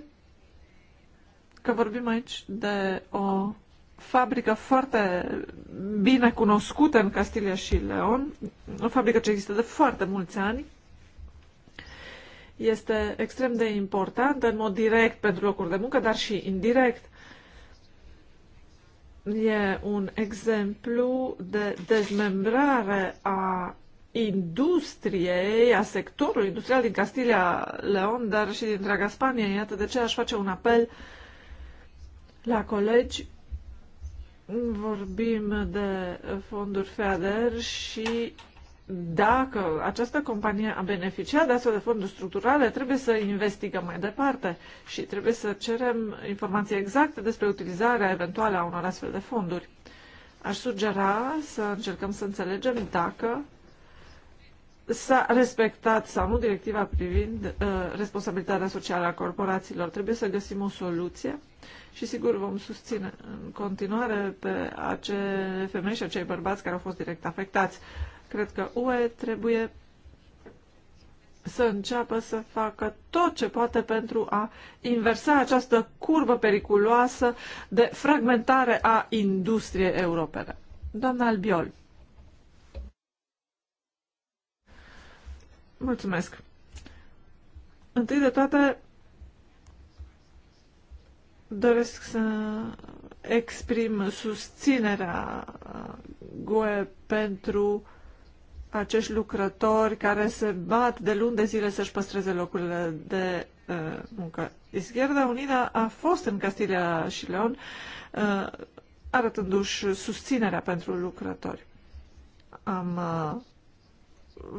că vorbim aici de o fabrică foarte bine cunoscută în Castilia și Leon, o fabrică ce există de foarte mulți ani, este extrem de importantă în mod direct pentru locuri de muncă, dar și indirect. E un exemplu de dezmembrare a industriei, a sectorului industrial din Castilia Leon, dar și din întreaga Spania. Iată de ce aș face un apel la colegi. Vorbim de fonduri FEADER și dacă această companie a beneficiat de astfel de fonduri structurale, trebuie să investigăm mai departe și trebuie să cerem informații exacte despre utilizarea eventuală a unor astfel de fonduri. Aș sugera să încercăm să înțelegem dacă s-a respectat sau nu directiva privind uh, responsabilitatea socială a corporațiilor. Trebuie să găsim o soluție și sigur vom susține în continuare pe acele femei și acei bărbați care au fost direct afectați. Uh, Cred că UE trebuie să înceapă să facă tot ce poate pentru a inversa această curbă periculoasă de fragmentare a industriei europene. Doamna Albiol. Mulțumesc. Întâi de toate, doresc să exprim susținerea uh, GUE pentru acești lucrători care se bat de luni de zile să-și păstreze locurile de uh, muncă. Izgherda Unida a fost în Castilia și Leon uh, arătându-și susținerea pentru lucrători. Am uh,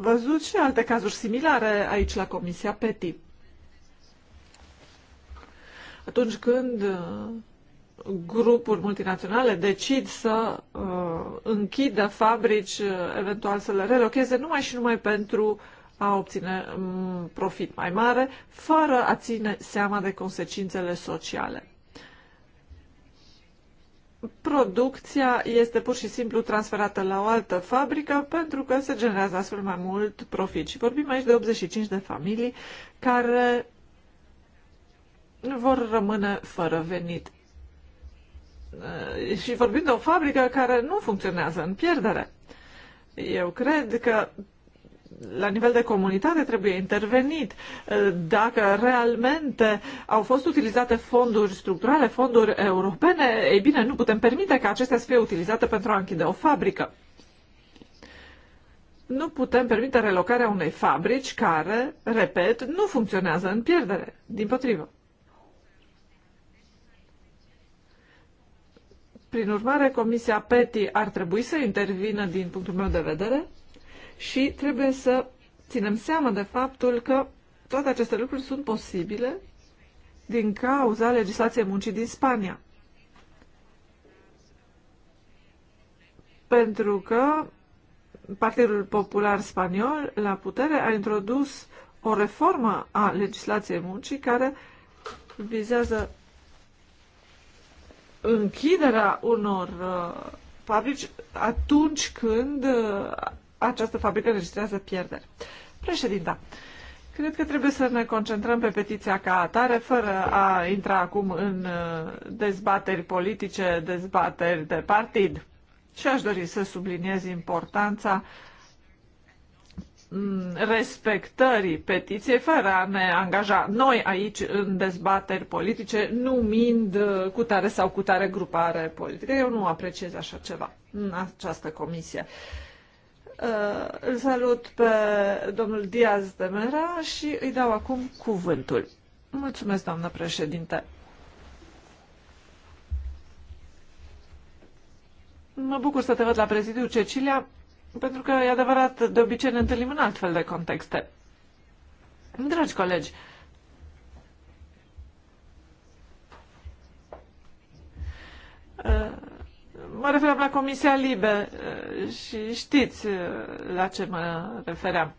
văzut și alte cazuri similare aici la Comisia PETI. Atunci când uh, grupuri multinaționale decid să uh, închidă fabrici, uh, eventual să le relocheze numai și numai pentru a obține um, profit mai mare, fără a ține seama de consecințele sociale. Producția este pur și simplu transferată la o altă fabrică pentru că se generează astfel mai mult profit. Și vorbim aici de 85 de familii care vor rămâne fără venit. Eh, și vorbim de o fabrică care nu funcționează, în pierdere. Eu cred că la nivel de comunitate trebuie intervenit. Eh, dacă realmente au fost utilizate fonduri structurale, fonduri europene, ei bine, nu putem permite ca acestea să fie utilizate pentru a închide o fabrică. Nu putem permite relocarea unei fabrici care, repet, nu funcționează în pierdere. Din potrivă. Prin urmare, Comisia PETI ar trebui să intervină din punctul meu de vedere și trebuie să ținem seama de faptul că toate aceste lucruri sunt posibile din cauza legislației muncii din Spania. Pentru că Partidul Popular Spaniol la putere a introdus o reformă a legislației muncii care vizează închiderea unor uh, fabrici atunci când uh, această fabrică registrează pierderi. Președinta, cred că trebuie să ne concentrăm pe petiția ca atare, fără a intra acum în uh, dezbateri politice, dezbateri de partid. Și aș dori să subliniez importanța uh, Mm, respectării petiției, fără a ne angaja noi aici în dezbateri politice, numind uh, cu tare sau cu tare grupare politică. Eu nu apreciez așa ceva în această comisie. Uh, îl salut pe domnul Diaz de Mera și îi dau acum cuvântul. Mulțumesc, doamnă președinte. Mă bucur să te văd la prezidiu, Cecilia. Pentru că, e adevărat, de obicei ne întâlnim în altfel de contexte. Dragi colegi, uh, mă referam la Comisia Libe uh, și știți uh, la ce mă refeream.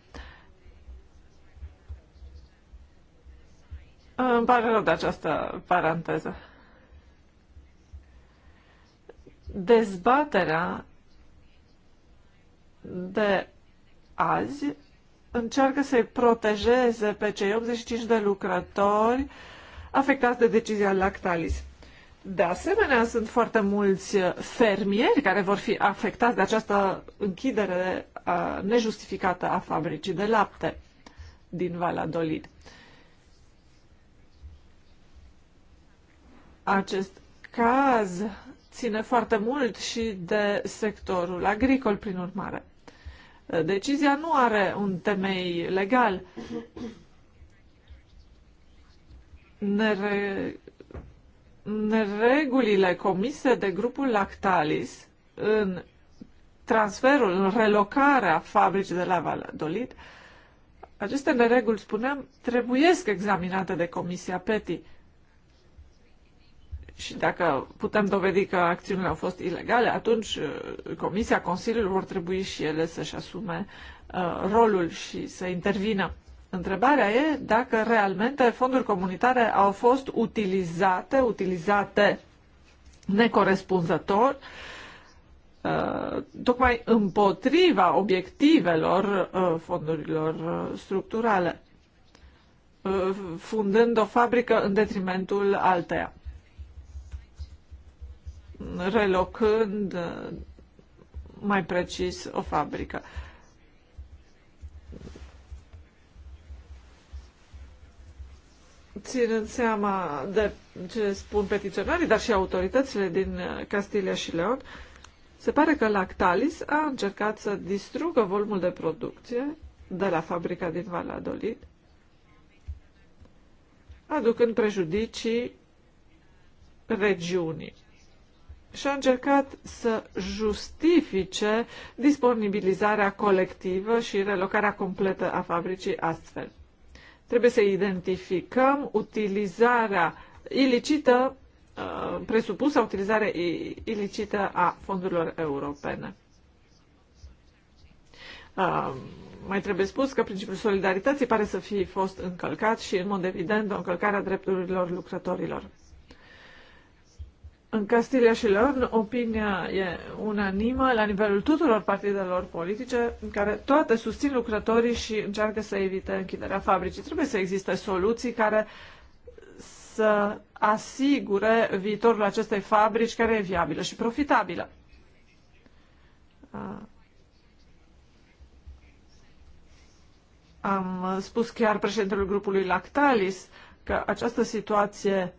Îmi pare rău de această paranteză. Dezbaterea de azi încearcă să-i protejeze pe cei 85 de lucrători afectați de decizia Lactalis. De asemenea, sunt foarte mulți fermieri care vor fi afectați de această închidere nejustificată a fabricii de lapte din Valladolid. Acest caz ține foarte mult și de sectorul agricol, prin urmare. Decizia nu are un temei legal. Nere... Neregulile comise de grupul Lactalis în transferul, în relocarea fabricii de la Valladolid, aceste nereguli, spuneam, trebuiesc examinate de Comisia PETI și dacă putem dovedi că acțiunile au fost ilegale, atunci uh, Comisia, Consiliul vor trebui și ele să-și asume uh, rolul și să intervină. Întrebarea e dacă realmente fonduri comunitare au fost utilizate, utilizate necorespunzător, uh, tocmai împotriva obiectivelor fondurilor structurale, fundând o fabrică în detrimentul alteia relocând uh, mai precis o fabrică. Ținând seama de ce spun petiționarii, dar și autoritățile din uh, Castilia și Leon, se pare că Lactalis a încercat să distrugă volumul de producție de la fabrica din Valladolid, aducând prejudicii regiunii și a încercat să justifice disponibilizarea colectivă și relocarea completă a fabricii astfel. Trebuie să identificăm utilizarea ilicită, uh, presupusă utilizare ilicită a fondurilor europene. Uh, mai trebuie spus că principiul solidarității pare să fi fost încălcat și, în mod evident, o încălcare a drepturilor lucrătorilor. În Castilia și Leon, opinia e unanimă la nivelul tuturor partidelor politice, în care toate susțin lucrătorii și încearcă să evite închiderea fabricii. Trebuie să existe soluții care să asigure viitorul acestei fabrici care e viabilă și profitabilă. Am spus chiar președintelui grupului Lactalis că această situație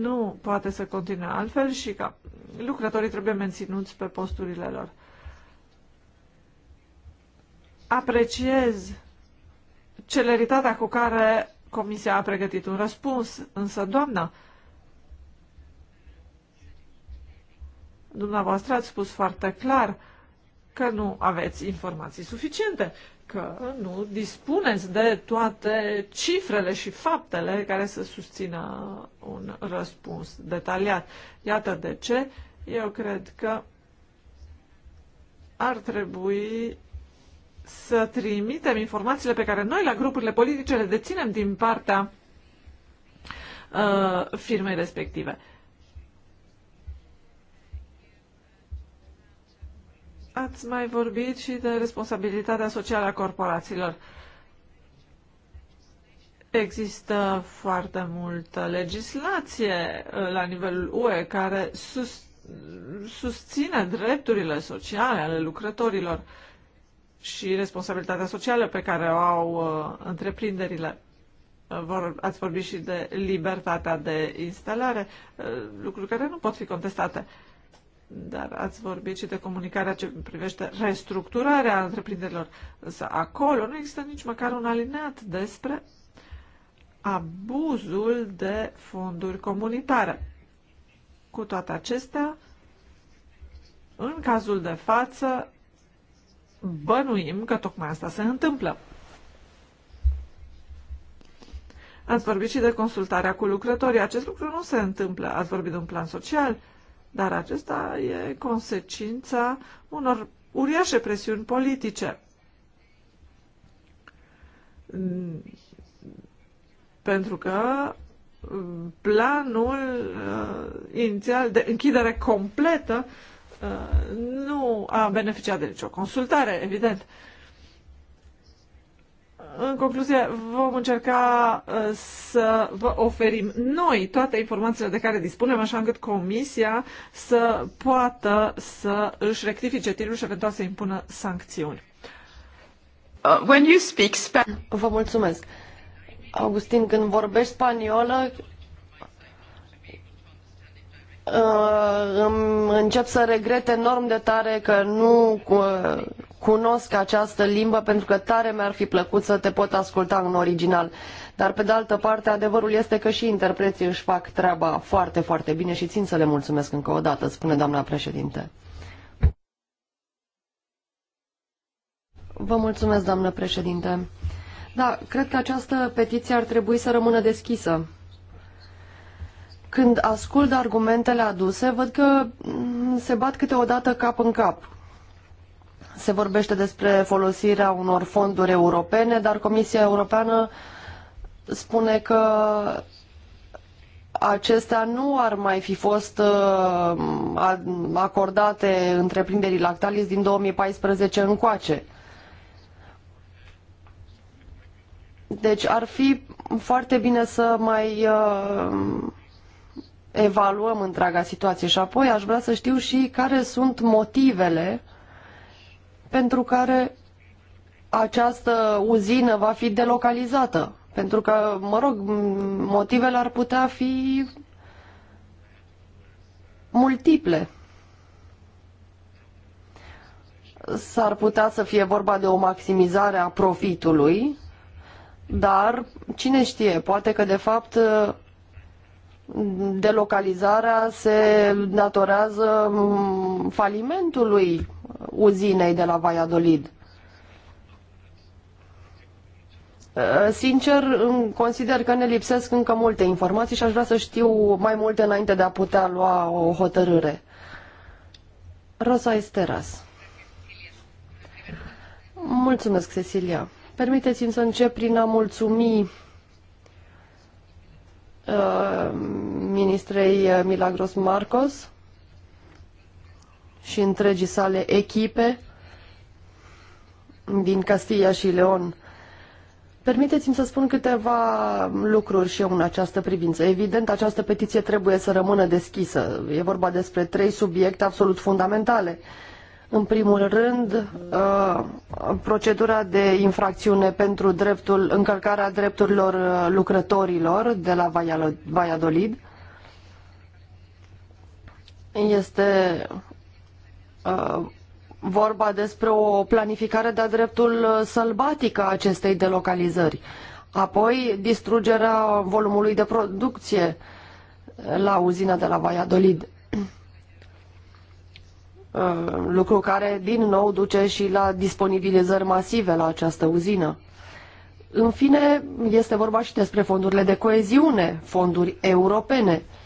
nu poate să continue altfel și că lucrătorii trebuie menținuți pe posturile lor. Apreciez celeritatea cu care Comisia a pregătit un răspuns, însă, doamna, dumneavoastră ați spus foarte clar că nu aveți informații suficiente că nu dispuneți de toate cifrele și faptele care să susțină un răspuns detaliat. Iată de ce eu cred că ar trebui să trimitem informațiile pe care noi la grupurile politice le deținem din partea uh, firmei respective. Uh, Ați mai vorbit și de responsabilitatea socială a corporațiilor. Există foarte multă legislație uh, la nivelul UE care sus, susține drepturile sociale ale lucrătorilor și responsabilitatea socială pe care o au uh, întreprinderile. Uh, vor, ați vorbit și de libertatea de instalare, uh, lucruri care nu pot fi contestate. Uh, dar ați vorbit și de comunicarea ce privește restructurarea întreprinderilor. Însă acolo nu există nici măcar un alineat despre abuzul de fonduri comunitare. Cu toate acestea, în cazul de față, bănuim că tocmai asta se întâmplă. Ați vorbit și de consultarea cu lucrătorii. Acest lucru nu se întâmplă. Ați vorbit de un plan social, dar acesta e consecința unor uriașe presiuni politice. Pentru că mm, planul uh, inițial de închidere completă uh, nu a beneficiat de nicio consultare, evident. Uh, în concluzie, vom încerca uh, să vă oferim noi toate informațiile de care dispunem, așa încât Comisia să poată să își rectifice tirul și eventual să impună sancțiuni. Uh, when you speak Spanish... Vă mulțumesc. Augustin, când vorbești spaniolă, Uh, încep să regret enorm de tare că nu uh, cunosc această limbă pentru că tare mi-ar fi plăcut să te pot asculta în original. Dar pe de altă parte, adevărul este că și interpreții își fac treaba foarte, foarte bine și țin să le mulțumesc încă o dată, spune doamna președinte. Vă mulțumesc, doamnă președinte. Da, cred că această petiție ar trebui să rămână deschisă. Când ascult argumentele aduse, văd că mm, se bat câteodată cap în cap se vorbește despre folosirea unor fonduri europene, dar Comisia Europeană spune că acestea nu ar mai fi fost uh, acordate întreprinderii Lactalis din 2014 încoace. Deci ar fi foarte bine să mai uh, evaluăm întreaga situație și apoi aș vrea să știu și care sunt motivele uh, pentru care această uzină va fi delocalizată. Pentru că, mă rog, motivele ar putea fi multiple. S-ar putea să fie vorba de o maximizare a profitului, dar cine știe, poate că de fapt delocalizarea se datorează falimentului uzinei de la Valladolid. Uh, sincer, consider că ne lipsesc încă multe informații și aș vrea să știu mai multe înainte de a putea lua o hotărâre. Rosa Esteras. Mulțumesc, Cecilia. Permiteți-mi să încep prin a mulțumi uh, ministrei Milagros Marcos și întregii sale echipe din Castilla și Leon. Permiteți-mi să spun câteva lucruri și eu în această privință. Evident, această petiție trebuie să rămână deschisă. E vorba despre trei subiecte absolut fundamentale. În primul rând, uh, procedura de infracțiune pentru dreptul, încălcarea drepturilor uh, lucrătorilor de la Valladolid este Uh, vorba despre o planificare de-a dreptul uh, sălbatică a acestei delocalizări. Apoi, distrugerea volumului de producție uh, la uzina de la Valladolid. Lucru care, din nou, duce și la disponibilizări masive la această uzină. În fine, este vorba și despre fondurile de coeziune, fonduri europene. Uh,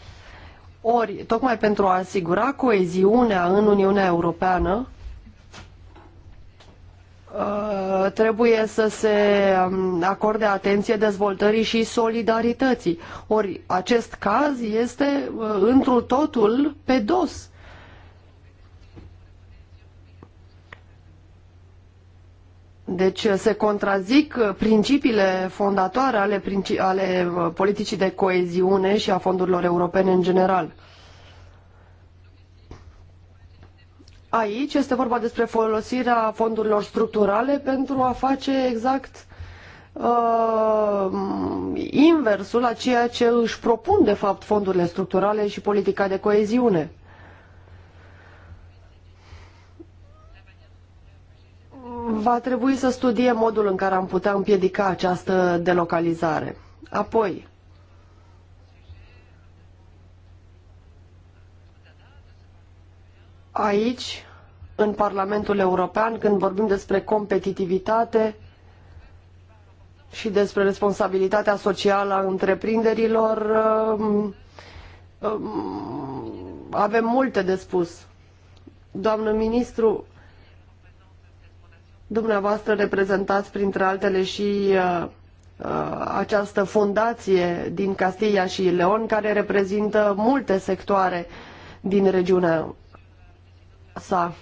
ori, tocmai pentru a asigura coeziunea în Uniunea Europeană, uh, trebuie să se um, acorde atenție dezvoltării și solidarității. Ori acest caz este uh, întru totul pe dos. Deci uh, se contrazic uh, principiile fondatoare ale, princi ale uh, politicii de coeziune și a fondurilor europene în general. Aici este vorba despre folosirea fondurilor structurale pentru a face exact uh, inversul a ceea ce își propun de fapt fondurile structurale și politica de coeziune. va trebui să studie modul în care am putea împiedica această delocalizare. Apoi, aici, în Parlamentul European, când vorbim despre competitivitate și despre responsabilitatea socială a întreprinderilor, um, um, avem multe de spus. Doamnă ministru, Dumneavoastră reprezentați printre altele și uh, uh, această fundație din Castilla și Leon care reprezintă multe sectoare din regiunea sa.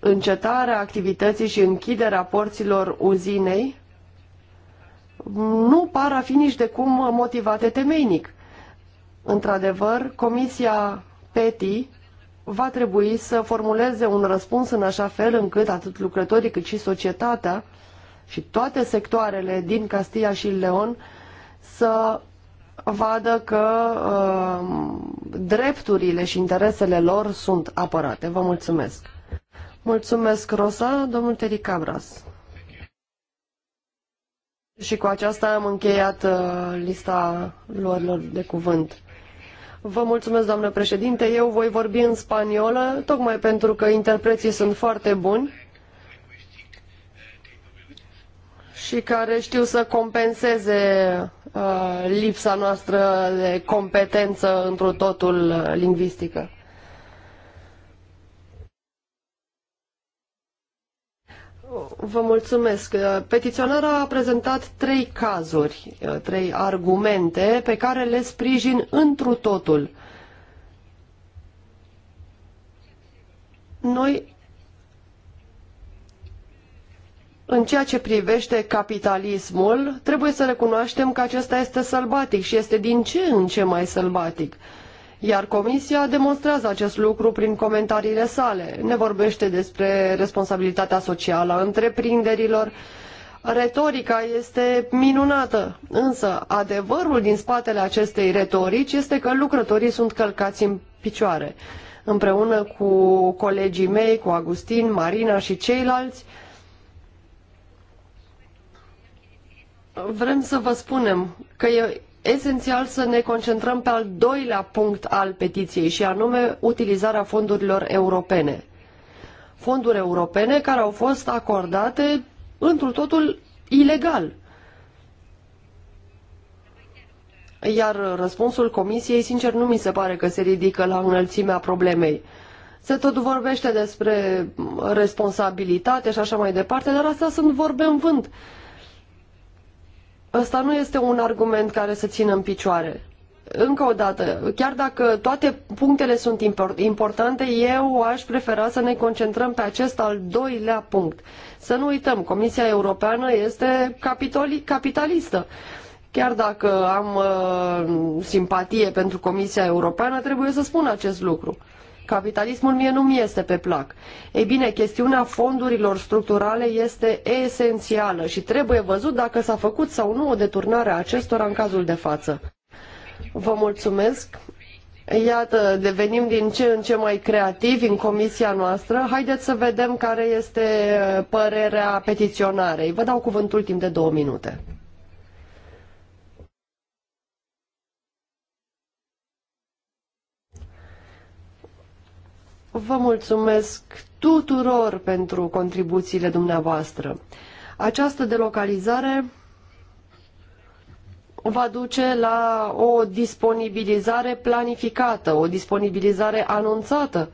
Încetarea activității și închiderea porților uzinei nu par a fi nici de cum motivate temeinic. Într-adevăr, Comisia PETI va trebui să formuleze un răspuns în așa fel încât atât lucrătorii cât și societatea și toate sectoarele din Castilla și Leon să vadă că uh, drepturile și interesele lor sunt apărate. Vă mulțumesc! Mulțumesc, Rosa, domnul Teri Cabras. Și cu aceasta am încheiat uh, lista luărilor de cuvânt. Vă mulțumesc, doamnă președinte. Eu voi vorbi în spaniolă, tocmai pentru că interpreții sunt foarte buni și care știu să compenseze uh, lipsa noastră de competență întru totul lingvistică. Vă mulțumesc. Uh, Petiționarea a prezentat trei cazuri, uh, trei argumente pe care le sprijin întru totul. Noi, în ceea ce privește capitalismul, trebuie să recunoaștem că acesta este sălbatic și este din ce în ce mai sălbatic. Uh, iar Comisia demonstrează acest lucru prin comentariile sale. Ne vorbește despre responsabilitatea socială a întreprinderilor. Retorica este minunată, însă adevărul din spatele acestei retorici este că lucrătorii sunt călcați în picioare. Împreună cu colegii mei, cu Agustin, Marina și ceilalți, vrem să vă spunem că e esențial să ne concentrăm pe al doilea punct al petiției și anume utilizarea fondurilor europene. Fonduri europene care au fost acordate întru totul ilegal. Iar răspunsul comisiei, sincer, nu mi se pare că se ridică la înălțimea problemei. Se tot vorbește despre responsabilitate și așa mai departe, dar astea sunt vorbe în vânt. Ăsta nu este un argument care să țină în picioare. Încă o dată, chiar dacă toate punctele sunt importante, eu aș prefera să ne concentrăm pe acest al doilea punct. Să nu uităm, Comisia Europeană este capitalistă. Chiar dacă am uh, simpatie pentru Comisia Europeană, trebuie să spun acest lucru. Uh, Capitalismul mie nu mi este pe plac. Ei bine, chestiunea fondurilor structurale este esențială și trebuie văzut dacă s-a făcut sau nu o deturnare a acestora în cazul de față. Vă mulțumesc. Iată, devenim din ce în ce mai creativi în comisia noastră. Haideți să vedem care este părerea petiționarei. Vă dau cuvântul timp de două minute. Vă mulțumesc tuturor pentru contribuțiile dumneavoastră. Această delocalizare va duce la o disponibilizare planificată, o disponibilizare anunțată.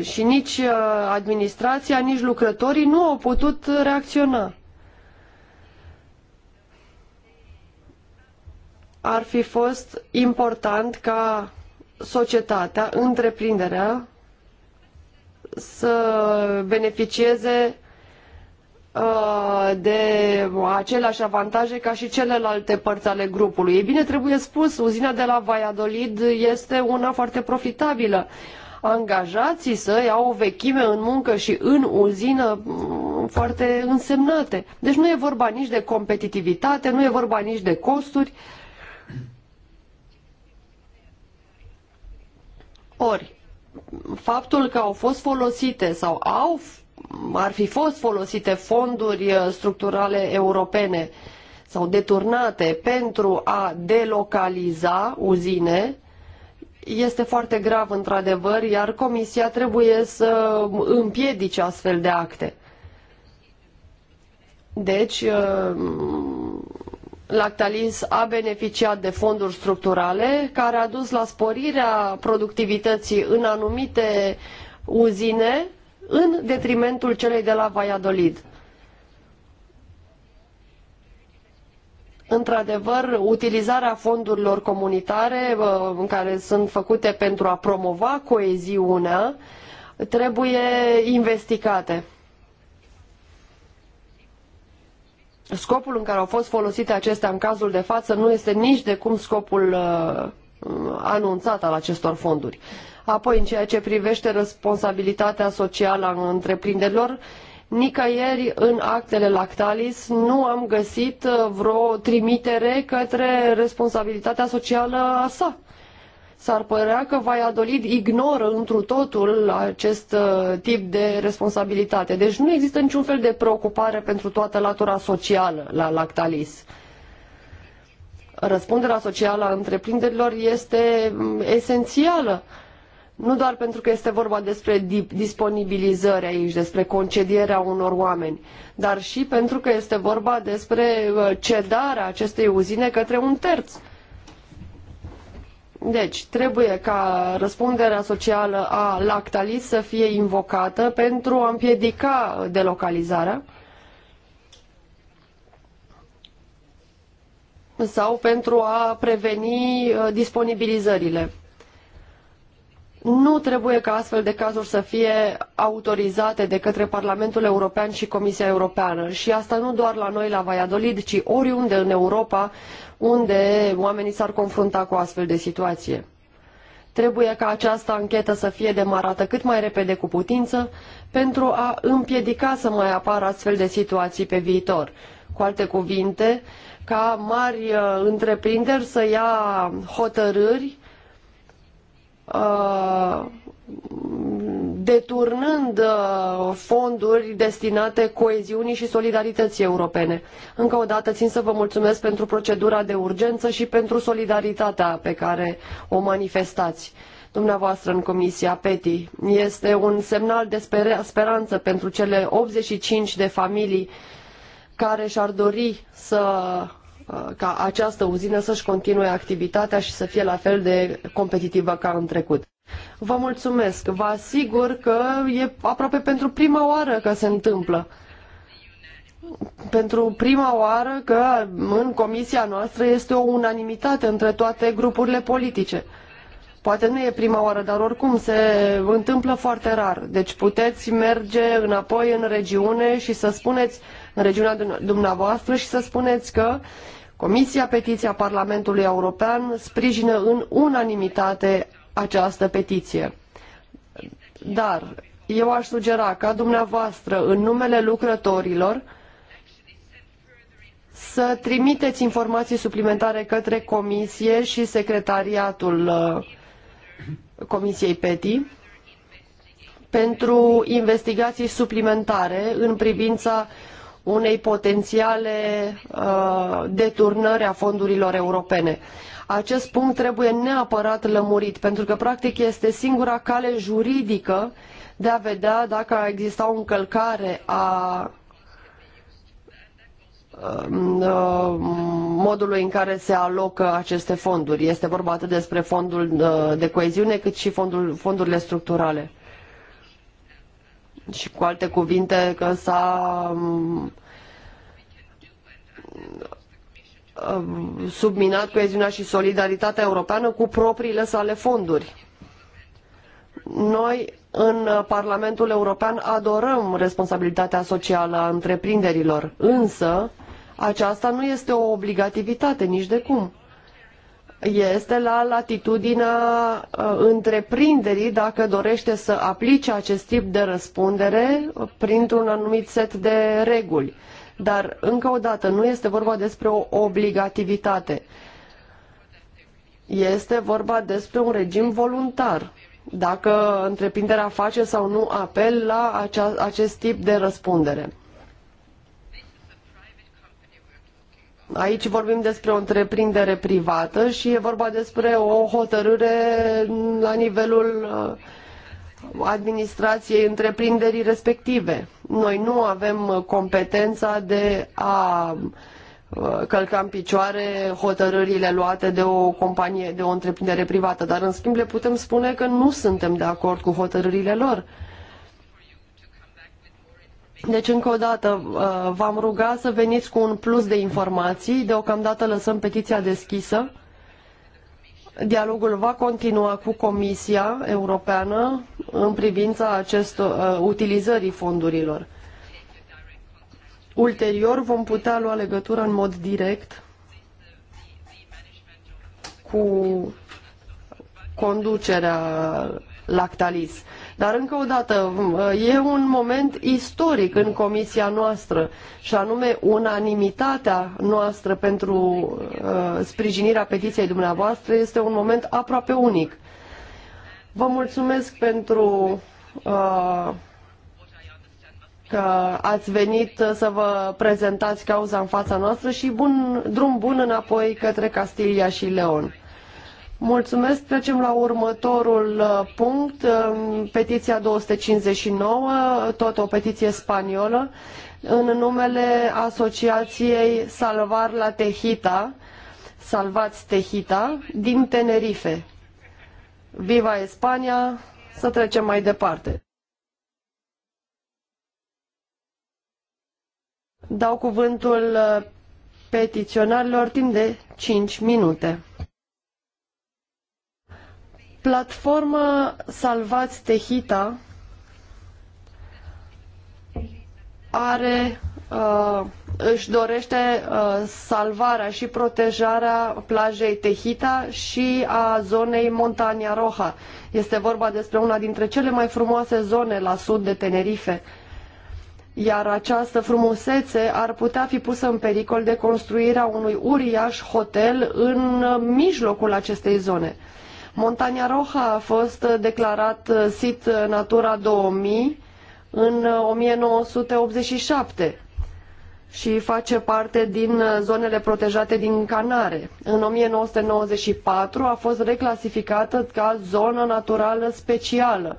Și nici uh, administrația, nici lucrătorii nu au putut reacționa. ar fi fost important ca societatea, întreprinderea, să beneficieze uh, de aceleași avantaje ca și celelalte părți ale grupului. Ei bine, trebuie spus, uzina de la Valladolid este una foarte profitabilă. Angajații săi au o vechime în muncă și în uzină mm, foarte însemnate. Deci nu e vorba nici de competitivitate, nu e vorba nici de costuri, Ori, faptul că au fost folosite sau au, ar fi fost folosite fonduri uh, structurale europene sau deturnate pentru a delocaliza uzine, este foarte grav într-adevăr, iar Comisia trebuie să împiedice astfel de acte. Deci, uh, Lactalis a beneficiat de fonduri structurale care a dus la sporirea productivității în anumite uzine în detrimentul celei de la Valladolid. Într-adevăr, utilizarea fondurilor comunitare uh, care sunt făcute pentru a promova coeziunea trebuie investigate. scopul în care au fost folosite acestea în cazul de față nu este nici de cum scopul uh, anunțat al acestor fonduri. Apoi, în ceea ce privește responsabilitatea socială a întreprinderilor, nicăieri în actele Lactalis nu am găsit uh, vreo trimitere către responsabilitatea socială a sa. S-ar părea că Valladolid ignoră întru totul acest uh, tip de responsabilitate. Deci nu există niciun fel de preocupare pentru toată latura socială la Lactalis. Răspunderea socială a întreprinderilor este mm, esențială nu doar pentru că este vorba despre disponibilizări aici, despre concedierea unor oameni, dar și pentru că este vorba despre uh, cedarea acestei uzine către un terț. Deci, trebuie ca răspunderea socială a Lactalis să fie invocată pentru a împiedica delocalizarea sau pentru a preveni uh, disponibilizările nu trebuie ca astfel de cazuri să fie autorizate de către Parlamentul European și Comisia Europeană. Și asta nu doar la noi, la Valladolid, ci oriunde în Europa, unde oamenii s-ar confrunta cu astfel de situație. Trebuie ca această anchetă să fie demarată cât mai repede cu putință pentru a împiedica să mai apară astfel de situații pe viitor. Cu alte cuvinte, ca mari uh, întreprinderi să ia hotărâri Uh, deturnând uh, fonduri destinate coeziunii și solidarității europene. Încă o dată țin să vă mulțumesc pentru procedura de urgență și pentru solidaritatea pe care o manifestați dumneavoastră în Comisia PETI. Este un semnal de speranță pentru cele 85 de familii care și-ar dori să Uh, ca această uzină să-și continue activitatea și să fie la fel de competitivă ca în trecut. Vă mulțumesc. Vă asigur că e aproape pentru prima oară că se întâmplă. Pentru prima oară că în comisia noastră este o unanimitate între toate grupurile politice. Poate nu e prima oară, dar oricum se întâmplă foarte rar. Deci puteți merge înapoi în regiune și să spuneți, în regiunea dumneavoastră, și să spuneți că Comisia Petiția Parlamentului European sprijină în unanimitate această petiție. Dar eu aș sugera ca dumneavoastră, în numele lucrătorilor, să trimiteți informații suplimentare către Comisie și Secretariatul uh, Comisiei PETI pentru investigații suplimentare în privința unei potențiale uh, deturnări a fondurilor europene. Acest punct trebuie neapărat lămurit, pentru că practic este singura cale juridică de a vedea dacă a existat o încălcare a Uh, modului în care se alocă aceste fonduri. Este vorba atât despre fondul uh, de coeziune cât și fondul, fondurile structurale. Și cu alte cuvinte că s-a uh, subminat coeziunea și solidaritatea europeană cu propriile sale fonduri. Noi în Parlamentul European adorăm responsabilitatea socială a întreprinderilor, însă aceasta nu este o obligativitate nici de cum. Este la latitudinea uh, întreprinderii dacă dorește să aplice acest tip de răspundere printr-un anumit set de reguli. Dar, încă o dată, nu este vorba despre o obligativitate. Este vorba despre un regim voluntar. Dacă întreprinderea face sau nu apel la acea, acest tip de răspundere. Aici vorbim despre o întreprindere privată și e vorba despre o hotărâre la nivelul uh, administrației întreprinderii respective. Noi nu avem competența de a uh, călca în picioare hotărârile luate de o companie, de o întreprindere privată, dar în schimb le putem spune că nu suntem de acord cu hotărârile lor. Deci, încă o dată, uh, v-am ruga să veniți cu un plus de informații. Deocamdată lăsăm petiția deschisă. Dialogul va continua cu Comisia Europeană în privința acestor, uh, utilizării fondurilor. Ulterior vom putea lua legătura în mod direct cu conducerea Lactalis. Dar încă o dată, e un moment istoric în comisia noastră și anume unanimitatea noastră pentru uh, sprijinirea petiției dumneavoastră este un moment aproape unic. Vă mulțumesc pentru uh, că ați venit să vă prezentați cauza în fața noastră și bun, drum bun înapoi către Castilia și Leon. Mulțumesc. Trecem la următorul uh, punct, uh, petiția 259, tot o petiție spaniolă, în numele Asociației Salvar la Tehita, Salvați Tehita, din Tenerife. Viva Espania! Să trecem mai departe. Dau cuvântul uh, petiționarilor timp de 5 minute. Platforma Salvați Tehita are, uh, își dorește uh, salvarea și protejarea plajei Tehita și a zonei Montania Roja. Este vorba despre una dintre cele mai frumoase zone la sud de Tenerife iar această frumusețe ar putea fi pusă în pericol de construirea unui uriaș hotel în mijlocul acestei zone. Montania Roja a fost declarat uh, sit uh, Natura 2000 în 1987 uh, și face parte din zonele protejate din Canare. În 1994 a fost reclasificată ca zonă naturală specială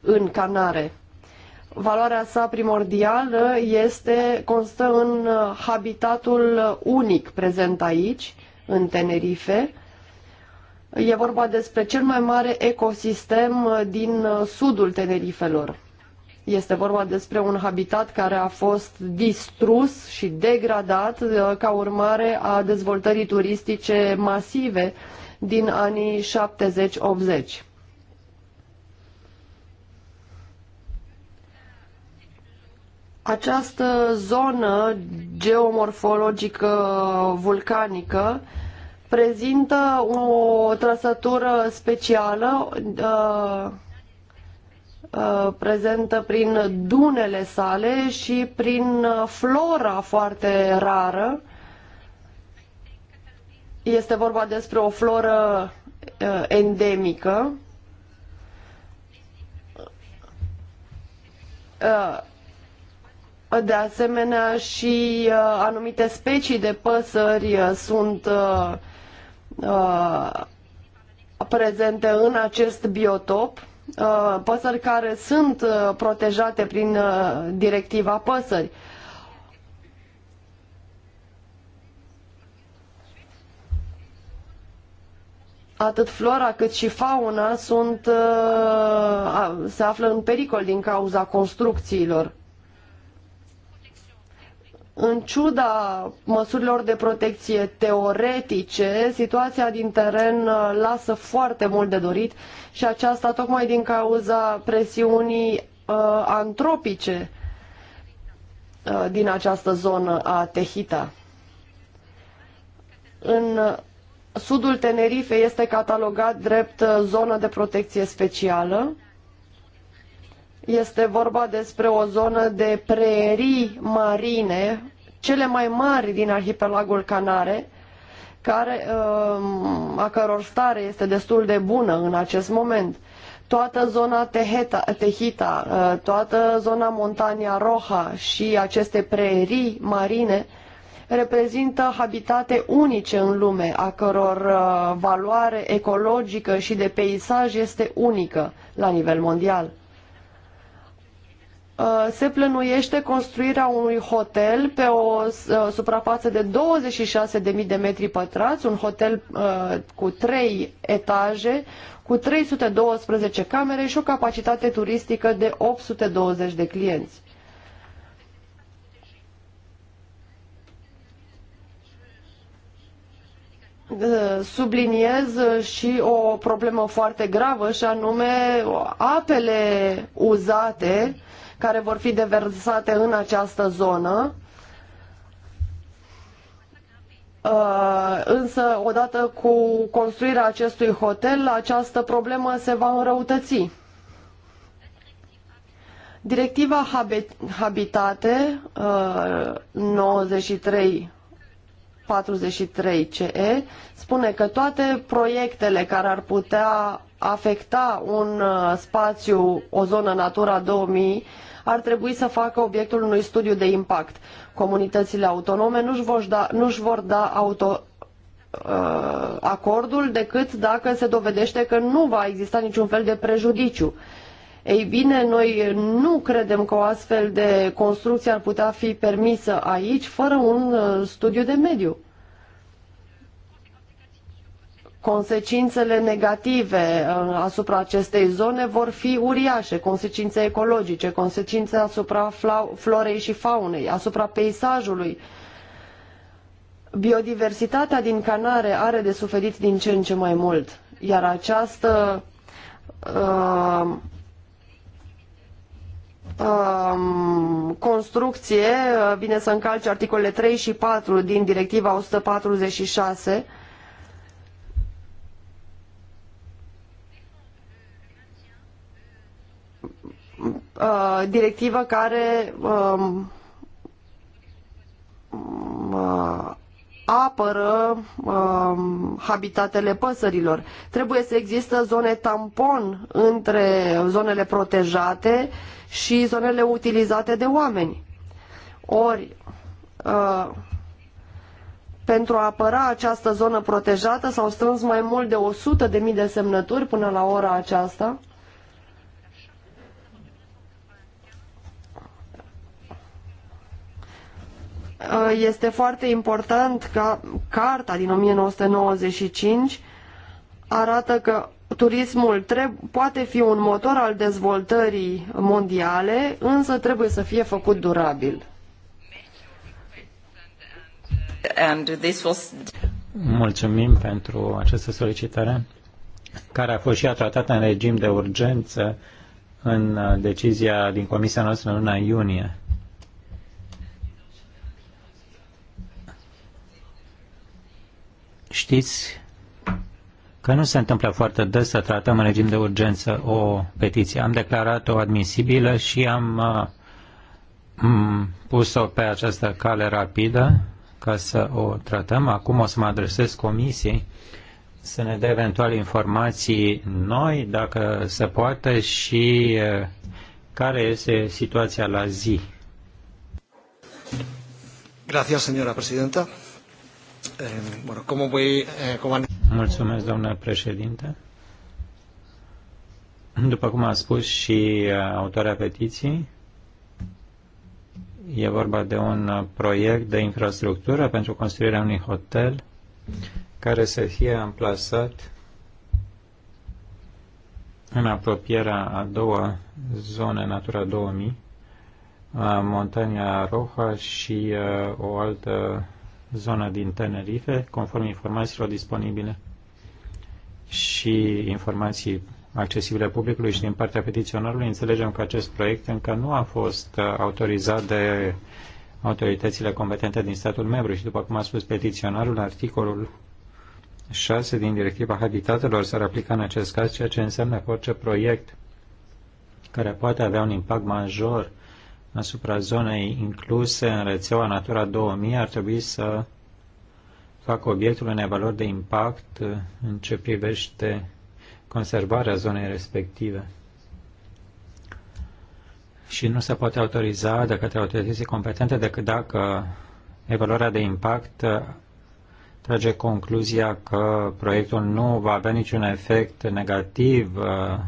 în Canare. Valoarea sa primordială este, constă în habitatul unic prezent aici, în Tenerife, E vorba despre cel mai mare ecosistem uh, din uh, sudul Tenerifelor. Este vorba despre un habitat care a fost distrus și degradat uh, ca urmare a dezvoltării turistice masive din anii 70-80. Această zonă geomorfologică vulcanică prezintă o trăsătură specială uh, uh, prezentă prin dunele sale și prin uh, flora foarte rară. Este vorba despre o floră endemică. De asemenea și anumite specii de păsări sunt uh, prezente în acest biotop, uh, păsări care sunt uh, protejate prin uh, directiva păsări. Atât flora cât și fauna sunt, uh, se află în pericol din cauza construcțiilor. În ciuda măsurilor de protecție teoretice, situația din teren uh, lasă foarte mult de dorit și aceasta tocmai din cauza presiunii uh, antropice uh, din această zonă a Tehita. În uh, sudul Tenerife este catalogat drept zonă de protecție specială este vorba despre o zonă de prerii marine, cele mai mari din arhipelagul Canare, care, um, a căror stare este destul de bună în acest moment. Toată zona Teheta, Tehita, uh, toată zona Montania Roja și aceste prerii marine reprezintă habitate unice în lume, a căror uh, valoare ecologică și de peisaj este unică la nivel mondial. Uh, se plănuiește construirea unui hotel pe o uh, suprafață de 26.000 de metri pătrați, un hotel uh, cu trei etaje, cu 312 camere și o capacitate turistică de 820 de clienți. subliniez și o problemă foarte gravă și anume apele uzate uh, care vor fi deversate în această zonă. Uh, însă, odată cu construirea acestui hotel, această problemă se va înrăutăți. Directiva Habitate 93 43 CE spune că toate proiectele care ar putea afecta un uh, spațiu, o zonă Natura 2000, ar trebui să facă obiectul unui studiu de impact. Comunitățile autonome nu-și vor da, nu vor da auto, uh, acordul decât dacă se dovedește că nu va exista niciun fel de prejudiciu. Ei bine, noi nu credem că o astfel de construcție ar putea fi permisă aici fără un uh, studiu de mediu. Consecințele negative uh, asupra acestei zone vor fi uriașe, consecințe ecologice, consecințe asupra florei și faunei, asupra peisajului. Biodiversitatea din Canare are de suferit din ce în ce mai mult, iar această uh, um, construcție vine uh, să încalce articolele 3 și 4 din directiva 146 uh, directivă care um, um, uh, apără um, habitatele păsărilor. Trebuie să există zone tampon între zonele protejate și zonele utilizate de oameni. Ori, uh, pentru a apăra această zonă protejată s-au strâns mai mult de 100.000 de semnături până la ora aceasta Uh, este foarte important că Carta din 1995 arată că turismul poate fi un motor al dezvoltării mondiale, însă trebuie să fie făcut durabil. Mulțumim pentru această solicitare, care a fost și tratată în regim de urgență în uh, decizia din Comisia noastră în luna iunie. Știți că nu se întâmplă foarte des să tratăm în regim de urgență o petiție. Am declarat-o admisibilă și am uh, pus-o pe această cale rapidă ca să o tratăm. Acum o să mă adresez comisiei să ne dea eventual informații noi, dacă se poate, și uh, care este situația la zi. Gracias, señora presidenta. Eh, eh, Mulțumesc, domnule președinte. După cum a spus și eh, autoarea petiției, e vorba de un proiect de infrastructură pentru construirea unui hotel care să fie amplasat în apropierea a două zone Natura 2000, Montania Roja și o altă zona din Tenerife, conform informațiilor disponibile și informații accesibile publicului și din partea petiționarului, înțelegem că acest proiect încă nu a fost uh, autorizat de autoritățile competente din statul membru și, după cum a spus petiționarul, articolul 6 din directiva habitatelor s-ar aplica în acest caz, ceea ce înseamnă că orice proiect care poate avea un impact major asupra zonei incluse în rețeaua Natura 2000 ar trebui să facă obiectul unei valori de impact în ce privește conservarea zonei respective. Și nu se poate autoriza de către autorității competente decât dacă evaluarea de impact trage concluzia că proiectul nu va avea niciun efect negativ uh,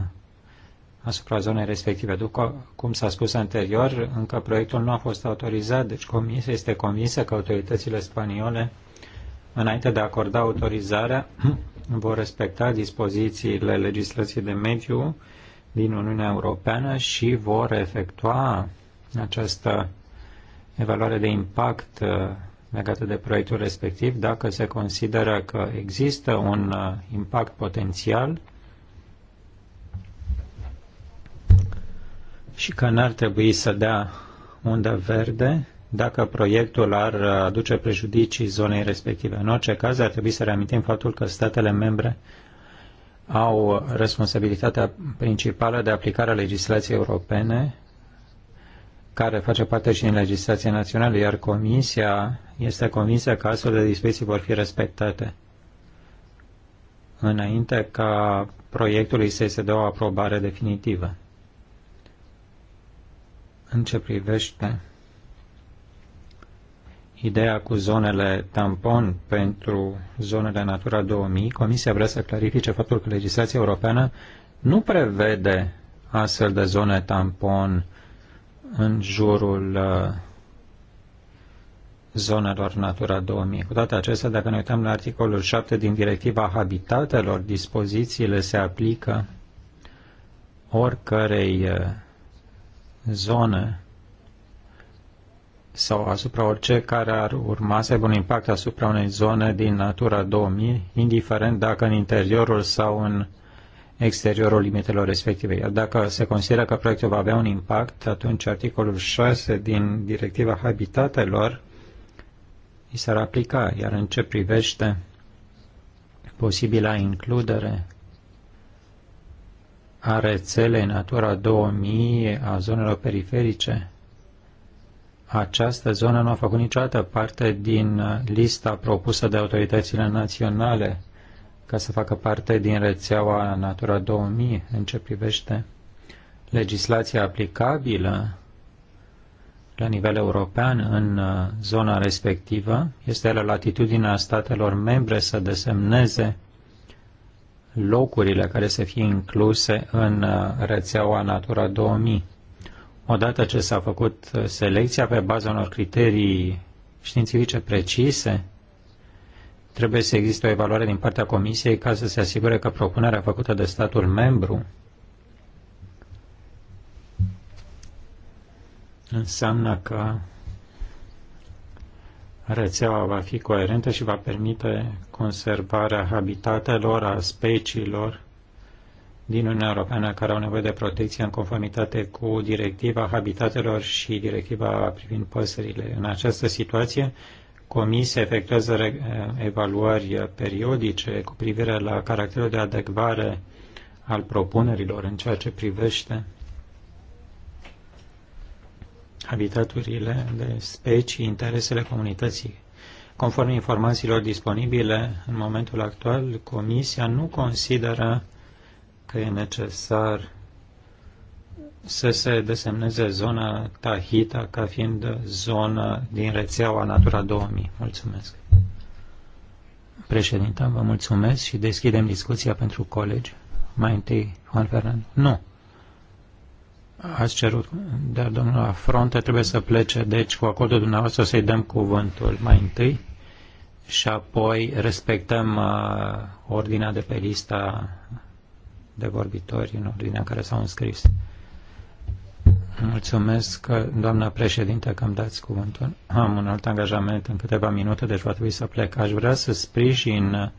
asupra zonei respective. După cum s-a spus anterior, încă proiectul nu a fost autorizat, deci comisia este convinsă că autoritățile spaniole, înainte de a acorda autorizarea, vor respecta dispozițiile legislației de mediu din Uniunea Europeană și vor efectua această evaluare de impact uh, legată de proiectul respectiv, dacă se consideră că există un uh, impact potențial și că n-ar trebui să dea undă verde dacă proiectul ar aduce prejudicii zonei respective. În orice caz, ar trebui să reamintim faptul că statele membre au responsabilitatea principală de aplicare a legislației europene, care face parte și din legislația națională, iar Comisia este convinsă că astfel de dispoziții vor fi respectate înainte ca proiectului să-i se dea o aprobare definitivă în ce privește ideea cu zonele tampon pentru zonele Natura 2000, Comisia vrea să clarifice faptul că legislația europeană nu prevede astfel de zone tampon în jurul uh, zonelor Natura 2000. Cu toate acestea, dacă ne uităm la articolul 7 din Directiva Habitatelor, dispozițiile se aplică oricărei uh, zonă sau asupra orice care ar urma să aibă un impact asupra unei zone din Natura 2000, indiferent dacă în interiorul sau în exteriorul limitelor respective. Iar dacă se consideră că proiectul va avea un impact, atunci articolul 6 din Directiva Habitatelor îi s-ar aplica, iar în ce privește posibila includere a rețelei Natura 2000, a zonelor periferice, această zonă nu a făcut niciodată parte din lista propusă de autoritățile naționale ca să facă parte din rețeaua Natura 2000 în ce privește legislația aplicabilă la nivel european în uh, zona respectivă. Este la latitudinea statelor membre să desemneze locurile care să fie incluse în uh, rețeaua Natura 2000. Odată ce s-a făcut uh, selecția pe baza unor criterii științifice precise, trebuie să existe o evaluare din partea Comisiei ca să se asigure că propunerea făcută de statul membru înseamnă că Rețeaua va fi coerentă și va permite conservarea habitatelor, a speciilor din Uniunea Europeană care au nevoie de protecție în conformitate cu directiva habitatelor și directiva privind păsările. În această situație, Comisia efectuează evaluări periodice cu privire la caracterul de adecvare al propunerilor în ceea ce privește habitaturile de specii, interesele comunității. Conform informațiilor disponibile, în momentul actual, Comisia nu consideră că e necesar să se desemneze zona Tahita ca fiind zonă din rețeaua Natura 2000. Mulțumesc. Președinte, vă mulțumesc și deschidem discuția pentru colegi. Mai întâi, Juan Fernando. Nu ați cerut, dar domnul Afronte trebuie să plece, deci cu acordul dumneavoastră să-i dăm cuvântul mai întâi și apoi respectăm uh, ordinea de pe lista de vorbitori în ordinea în care s-au înscris. Mulțumesc, doamna președinte, că îmi dați cuvântul. Am un alt angajament în câteva minute, deci va trebui să plec. Aș vrea să sprijin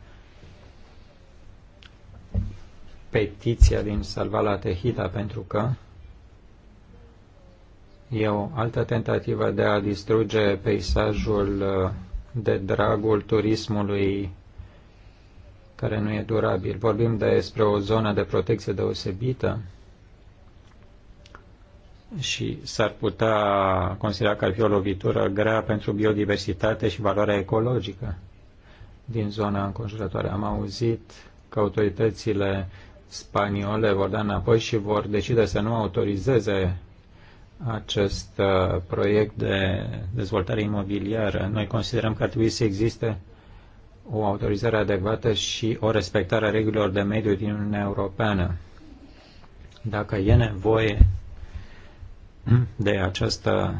petiția din Salvala Tehida pentru că E o altă tentativă de a distruge peisajul uh, de dragul turismului care nu e durabil. Vorbim despre o zonă de protecție deosebită și s-ar putea considera că ar fi o lovitură grea pentru biodiversitate și valoarea ecologică din zona înconjurătoare. Am auzit că autoritățile spaniole vor da înapoi și vor decide să nu autorizeze acest uh, proiect de dezvoltare imobiliară. Noi considerăm că ar trebui să existe o autorizare adecvată și o respectare a regulilor de mediu din Uniunea Europeană. Dacă e nevoie de această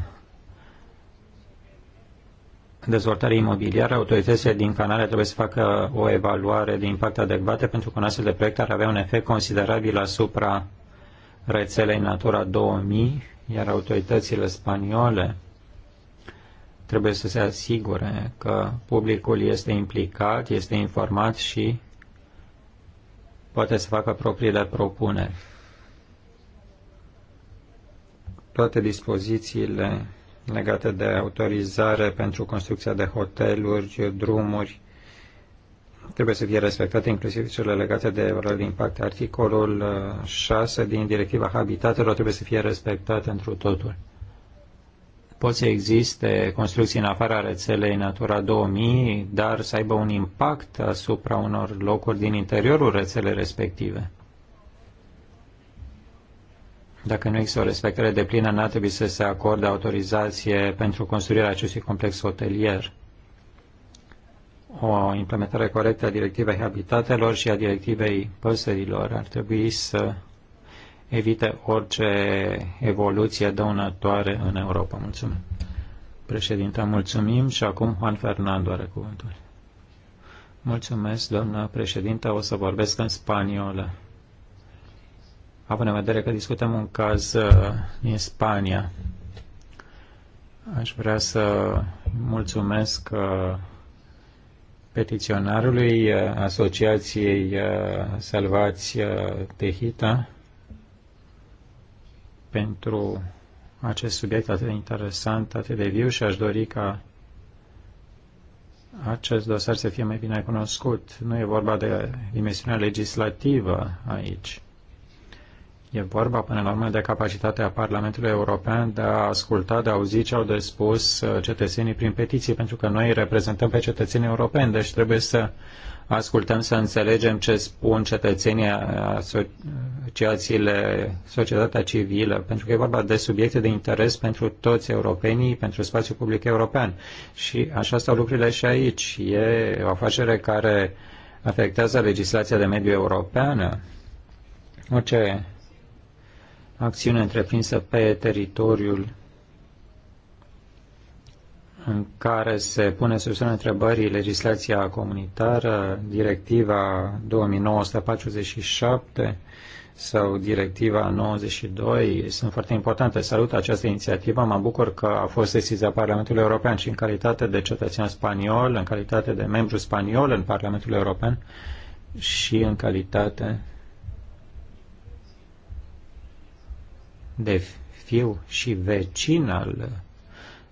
dezvoltare imobiliară, autoritățile din Canada trebuie să facă o evaluare de impact adecvată pentru că un astfel de proiect ar avea un efect considerabil asupra rețelei Natura 2000 iar autoritățile spaniole trebuie să se asigure că publicul este implicat, este informat și poate să facă propriile propuneri. Toate dispozițiile legate de autorizare pentru construcția de hoteluri, drumuri, trebuie să fie respectate inclusiv cele legate de valoare de impact. Articolul 6 uh, din directiva habitatelor trebuie să fie respectat într totul. Pot să existe construcții în afara rețelei Natura 2000, dar să aibă un impact asupra unor locuri din interiorul rețelei respective. Dacă nu există o respectare de plină, n-ar trebui să se acorde autorizație pentru construirea acestui complex hotelier o implementare corectă a directivei habitatelor și a directivei păsărilor. Ar trebui să evite orice evoluție dăunătoare în Europa. Mulțumim. Președinte, mulțumim și acum Juan Fernando are cuvântul. Mulțumesc, doamnă președinte, o să vorbesc în spaniolă. Având în vedere că discutăm un caz uh, din Spania, aș vrea să mulțumesc uh, petiționarului uh, Asociației uh, Salvați Tehita uh, pentru acest subiect atât de interesant, atât de viu și aș dori ca acest dosar să fie mai bine cunoscut. Nu e vorba de dimensiunea legislativă aici. E vorba, până la urmă, de capacitatea Parlamentului European de a asculta, de a auzi ce au de spus uh, cetățenii prin petiții, pentru că noi reprezentăm pe cetățenii europeni, deci trebuie să ascultăm, să înțelegem ce spun cetățenii, uh, asociațiile, societatea civilă, pentru că e vorba de subiecte de interes pentru toți europenii, pentru spațiul public european. Și așa stau lucrurile și aici. E o afacere care afectează legislația de mediu europeană. Orice acțiune întreprinsă pe teritoriul în care se pune sub semnul întrebării legislația comunitară, directiva 2947 sau directiva 92 sunt foarte importante. Salut această inițiativă, mă bucur că a fost sesizat Parlamentul European și în calitate de cetățean spaniol, în calitate de membru spaniol în Parlamentul European și în calitate de fiu și vecin al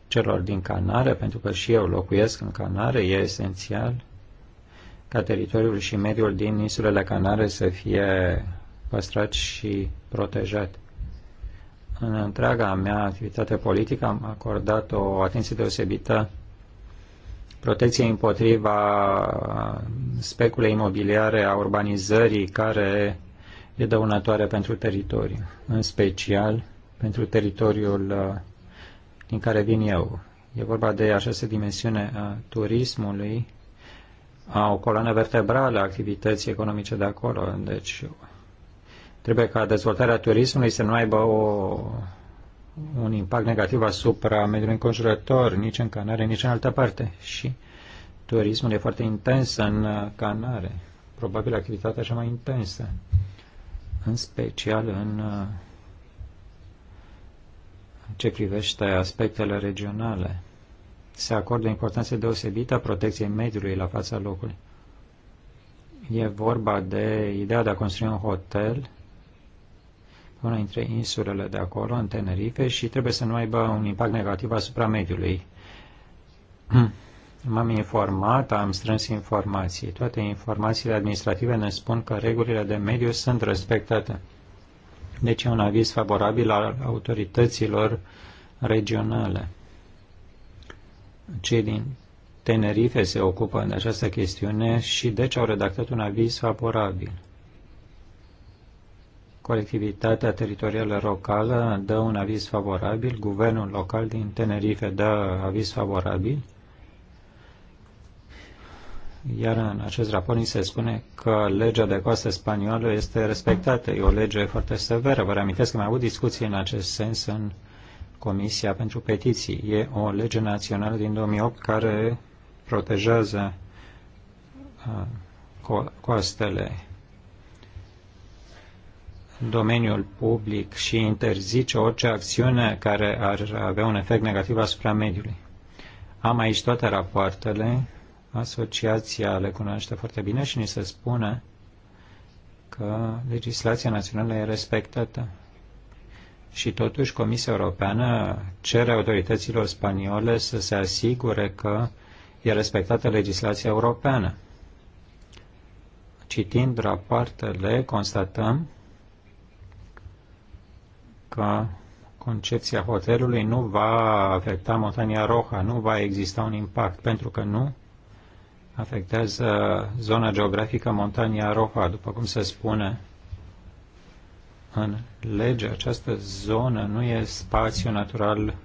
celor din Canare, pentru că și eu locuiesc în Canare, e esențial ca teritoriul și mediul din insulele Canare să fie păstrat și protejat. În întreaga mea activitate politică am acordat o atenție deosebită protecție împotriva speculei imobiliare a urbanizării care e dăunătoare pentru teritoriu, în special pentru teritoriul uh, din care vin eu. E vorba de această dimensiune a turismului, a o coloană vertebrală a activității economice de acolo. Deci trebuie ca dezvoltarea turismului să nu aibă o, un impact negativ asupra mediului înconjurător, nici în Canare, nici în altă parte. Și turismul e foarte intens în uh, Canare, probabil activitatea cea mai intensă în special uh, în ce privește aspectele regionale. Se acordă importanță deosebită a protecției mediului la fața locului. E vorba de ideea de a construi un hotel una dintre insulele de acolo, în Tenerife, și trebuie să nu aibă un impact negativ asupra mediului. M-am informat, am strâns informații. Toate informațiile administrative ne spun că regulile de mediu sunt respectate. Deci e un aviz favorabil al autorităților regionale. Cei din Tenerife se ocupă de această chestiune și deci au redactat un aviz favorabil. Colectivitatea teritorială locală dă un aviz favorabil, guvernul local din Tenerife dă aviz favorabil, iar în acest raport ni se spune că legea de coastă spaniolă este respectată. E o lege foarte severă. Vă reamintesc că am avut discuții în acest sens în Comisia pentru Petiții. E o lege națională din 2008 care protejează uh, coastele domeniul public și interzice orice acțiune care ar avea un efect negativ asupra mediului. Am aici toate rapoartele Asociația le cunoaște foarte bine și ni se spune că legislația națională e respectată. Și totuși Comisia Europeană cere autorităților spaniole să se asigure că e respectată legislația europeană. Citind rapoartele, constatăm că concepția hotelului nu va afecta Montania Roja, nu va exista un impact, pentru că nu afectează zona geografică Montania Roja. După cum se spune în lege, această zonă nu e spațiu natural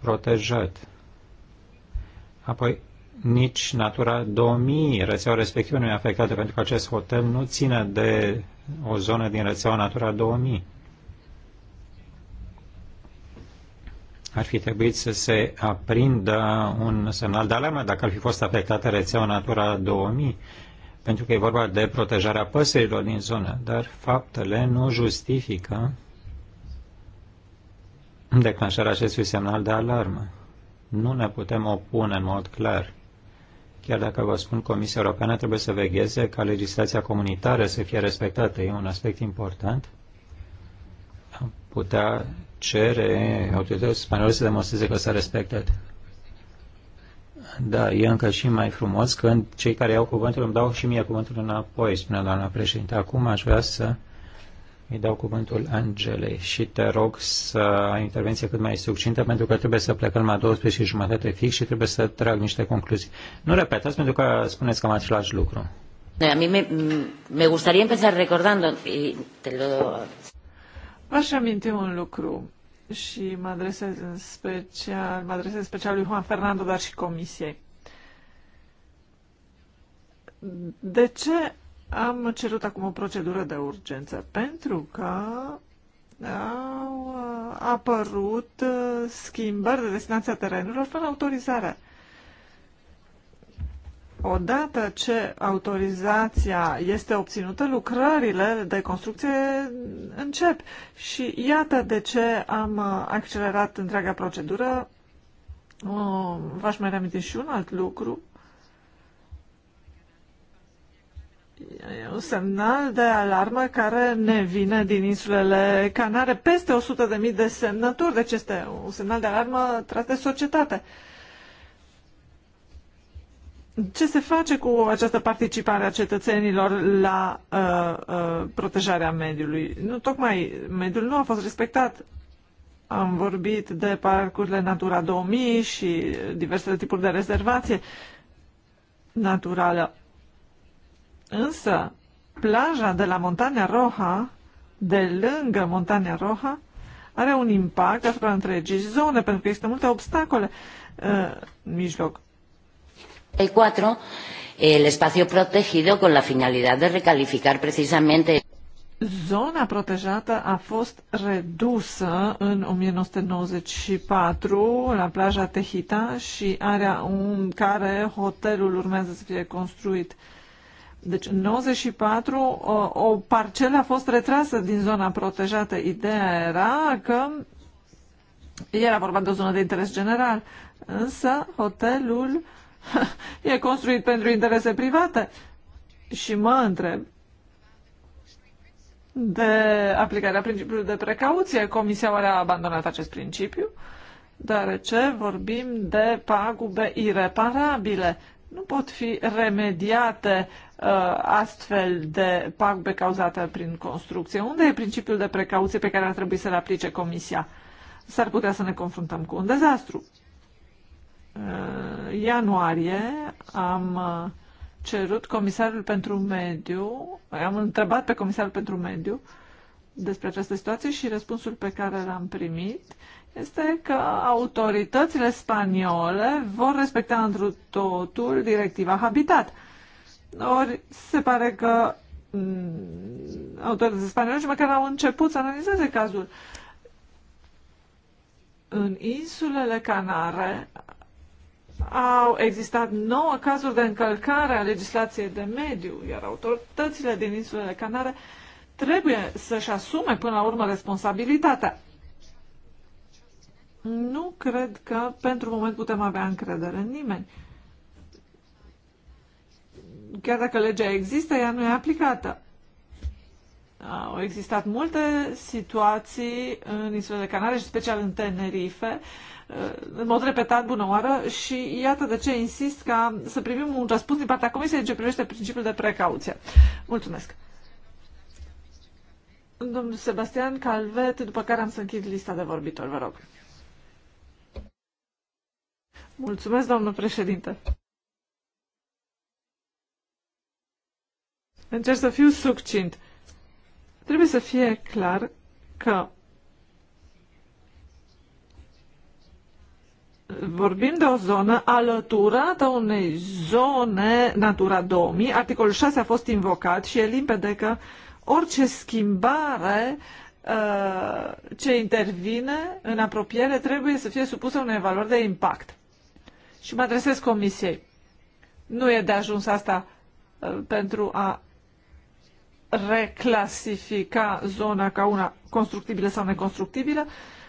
protejat. Apoi, nici Natura 2000, rețeaua respectivă nu e afectată pentru că acest hotel nu ține de o zonă din rețeaua Natura 2000. ar fi trebuit să se aprindă un semnal de alarmă dacă ar fi fost afectată rețeaua Natura 2000, pentru că e vorba de protejarea păsărilor din zonă, dar faptele nu justifică declanșarea acestui semnal de alarmă. Nu ne putem opune în mod clar. Chiar dacă vă spun, Comisia Europeană trebuie să vegheze ca legislația comunitară să fie respectată. E un aspect important. Am putea cere autorității spaniole să demonstreze că s-a respectat. Da, e încă și mai frumos când cei care iau cuvântul îmi dau și mie cuvântul înapoi, spune doamna președinte. Acum aș vrea să îi dau cuvântul Angelei și te rog să ai intervenție cât mai succintă pentru că trebuie să plecăm la 12 și jumătate fix și trebuie să trag niște concluzii. Nu repetați pentru că spuneți cam același lucru. A mí me, me gustaría empezar recordando, y te lo V-aș aminti un lucru și mă adresez în special, mă adresez special lui Juan Fernando, dar și Comisiei. De ce am cerut acum o procedură de urgență? Pentru că au uh, apărut uh, schimbări de destinația terenurilor fără autorizare. Odată ce autorizația este obținută, lucrările de construcție încep. Și iată de ce am accelerat întreaga procedură. V-aș mai reaminti și un alt lucru. E un semnal de alarmă care ne vine din insulele Canare. Peste 100.000 de semnături, deci este un semnal de alarmă tras de societate. Uh, ce se face cu această participare a cetățenilor la uh, uh, protejarea mediului? Nu, tocmai mediul nu a fost respectat. Am vorbit de parcurile Natura 2000 și diversele tipuri de rezervație naturală. Însă, plaja de la Montania Roja, de lângă Montania Roja, are un impact asupra întregii zone, pentru că există multe obstacole uh, în mijloc el 4 el espacio protegido con la finalidad de recalificar precisamente Zona protejată a fost redusă în 1994 la plaja Tehita și area în care hotelul urmează să fie construit. Deci în 1994 o, o parcelă a fost retrasă din zona protejată. Ideea era că era vorba de o zonă de interes general, însă hotelul uh, e construit pentru interese private. Și mă întreb de aplicarea principiului de precauție. Comisia oare a abandonat acest principiu? Deoarece vorbim de pagube ireparabile. Nu pot fi remediate uh, astfel de pagube cauzate prin construcție. Unde e principiul de precauție pe care ar trebui să-l aplice Comisia? S-ar putea să ne confruntăm cu un dezastru ianuarie am uh, cerut comisarul pentru mediu, am întrebat pe comisarul pentru mediu despre această situație și răspunsul pe care l-am primit este că autoritățile spaniole vor respecta întru totul directiva Habitat. Ori se pare că mm, autoritățile spaniole și măcar au început să analizeze cazul. În insulele Canare au existat nouă cazuri de încălcare a legislației de mediu, iar autoritățile din insulele Canare trebuie să-și asume până la urmă responsabilitatea. Nu cred că pentru moment putem avea încredere în nimeni. Chiar dacă legea există, ea nu e aplicată. Au existat multe situații în insulele Canare și special în Tenerife, uh, în mod repetat, bună oară, și iată de ce insist ca să primim un răspuns din partea Comisiei ce privește principiul de precauție. Mulțumesc! Domnul Sebastian Calvet, după care am să închid lista de vorbitori, vă rog. Mulțumesc, domnul președinte. Încerc să fiu succint. Trebuie să fie clar că vorbim de o zonă alăturată unei zone Natura 2000. Articolul 6 a fost invocat și e limpede că orice schimbare uh, ce intervine în apropiere trebuie să fie supusă unei valori de impact. Și mă adresez Comisiei. Nu e de ajuns asta uh, pentru a reclasifica zona ca una constructibilă sau neconstructibilă,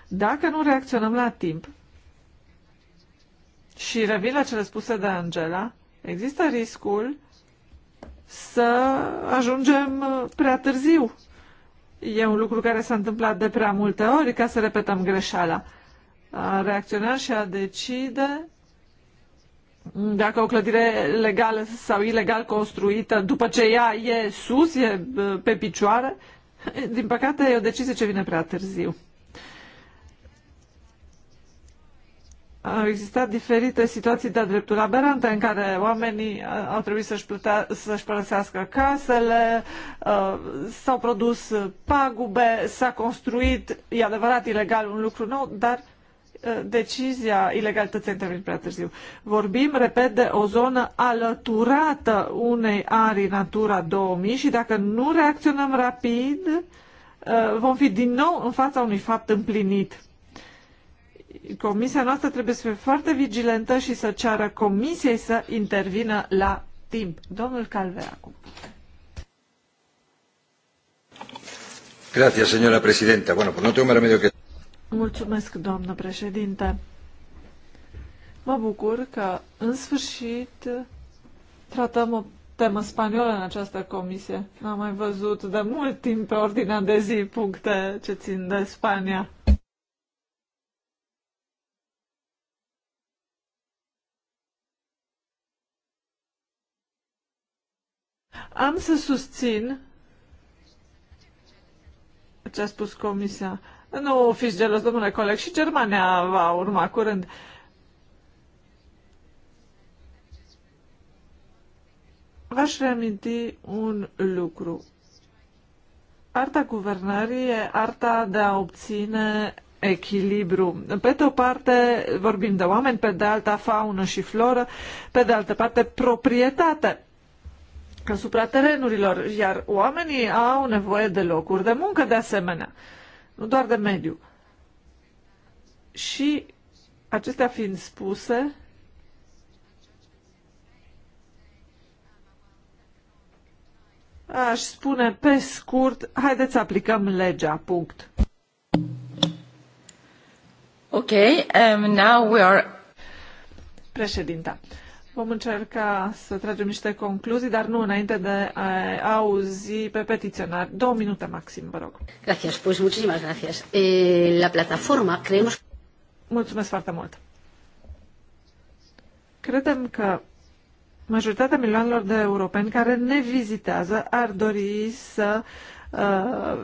dacă nu reacționăm la timp. Și revin la cele spuse de Angela, există riscul să ajungem prea târziu. E un lucru care s-a întâmplat de prea multe ori ca să repetăm greșeala. A reacționa și a decide dacă o clădire legală sau ilegal construită, după ce ea e sus, e pe picioare, din păcate e o decizie ce vine prea târziu. Au existat diferite situații de-a dreptul aberante în care oamenii au trebuit să-și, să-și părăsească casele, s-au produs pagube, s-a construit, e adevărat ilegal, un lucru nou, dar Eh, decizia ilegalității intervine prea târziu. Vorbim, repet, de o zonă alăturată unei arii Natura 2000 și dacă nu reacționăm rapid, eh, vom fi din nou în fața unui fapt împlinit. Comisia noastră trebuie să fie foarte vigilentă și să ceară comisiei să intervină la timp. Domnul Calver acum. Grazie, signora presidenta. Bueno, pues no tengo más remedio que... Mulțumesc, doamnă președinte. Mă bucur că, în sfârșit, tratăm o temă spaniolă în această comisie. N-am mai văzut de mult timp pe ordinea de zi puncte ce țin de Spania. Am să susțin ce a spus Comisia. Nu fiți gelos, domnule coleg, și Germania va urma curând. V-aș reaminti un lucru. Arta guvernării e arta de a obține echilibru. Pe de o parte vorbim de oameni, pe de alta faună și floră, pe de altă parte proprietate asupra terenurilor, iar oamenii au nevoie de locuri de muncă de asemenea nu doar de mediu. Și acestea fiind spuse, aș spune pe scurt, haideți să aplicăm legea, punct. Ok, um, now we are... Președinta, Vom încerca să tragem niște concluzii, dar nu înainte de a auzi pe petiționar. Două minute maxim, vă rog. Gracias, pues muchísimas gracias. Eh, la plataforma, creemos... Mulțumesc foarte mult. Credem că majoritatea milioanelor de europeni care ne vizitează ar dori să uh,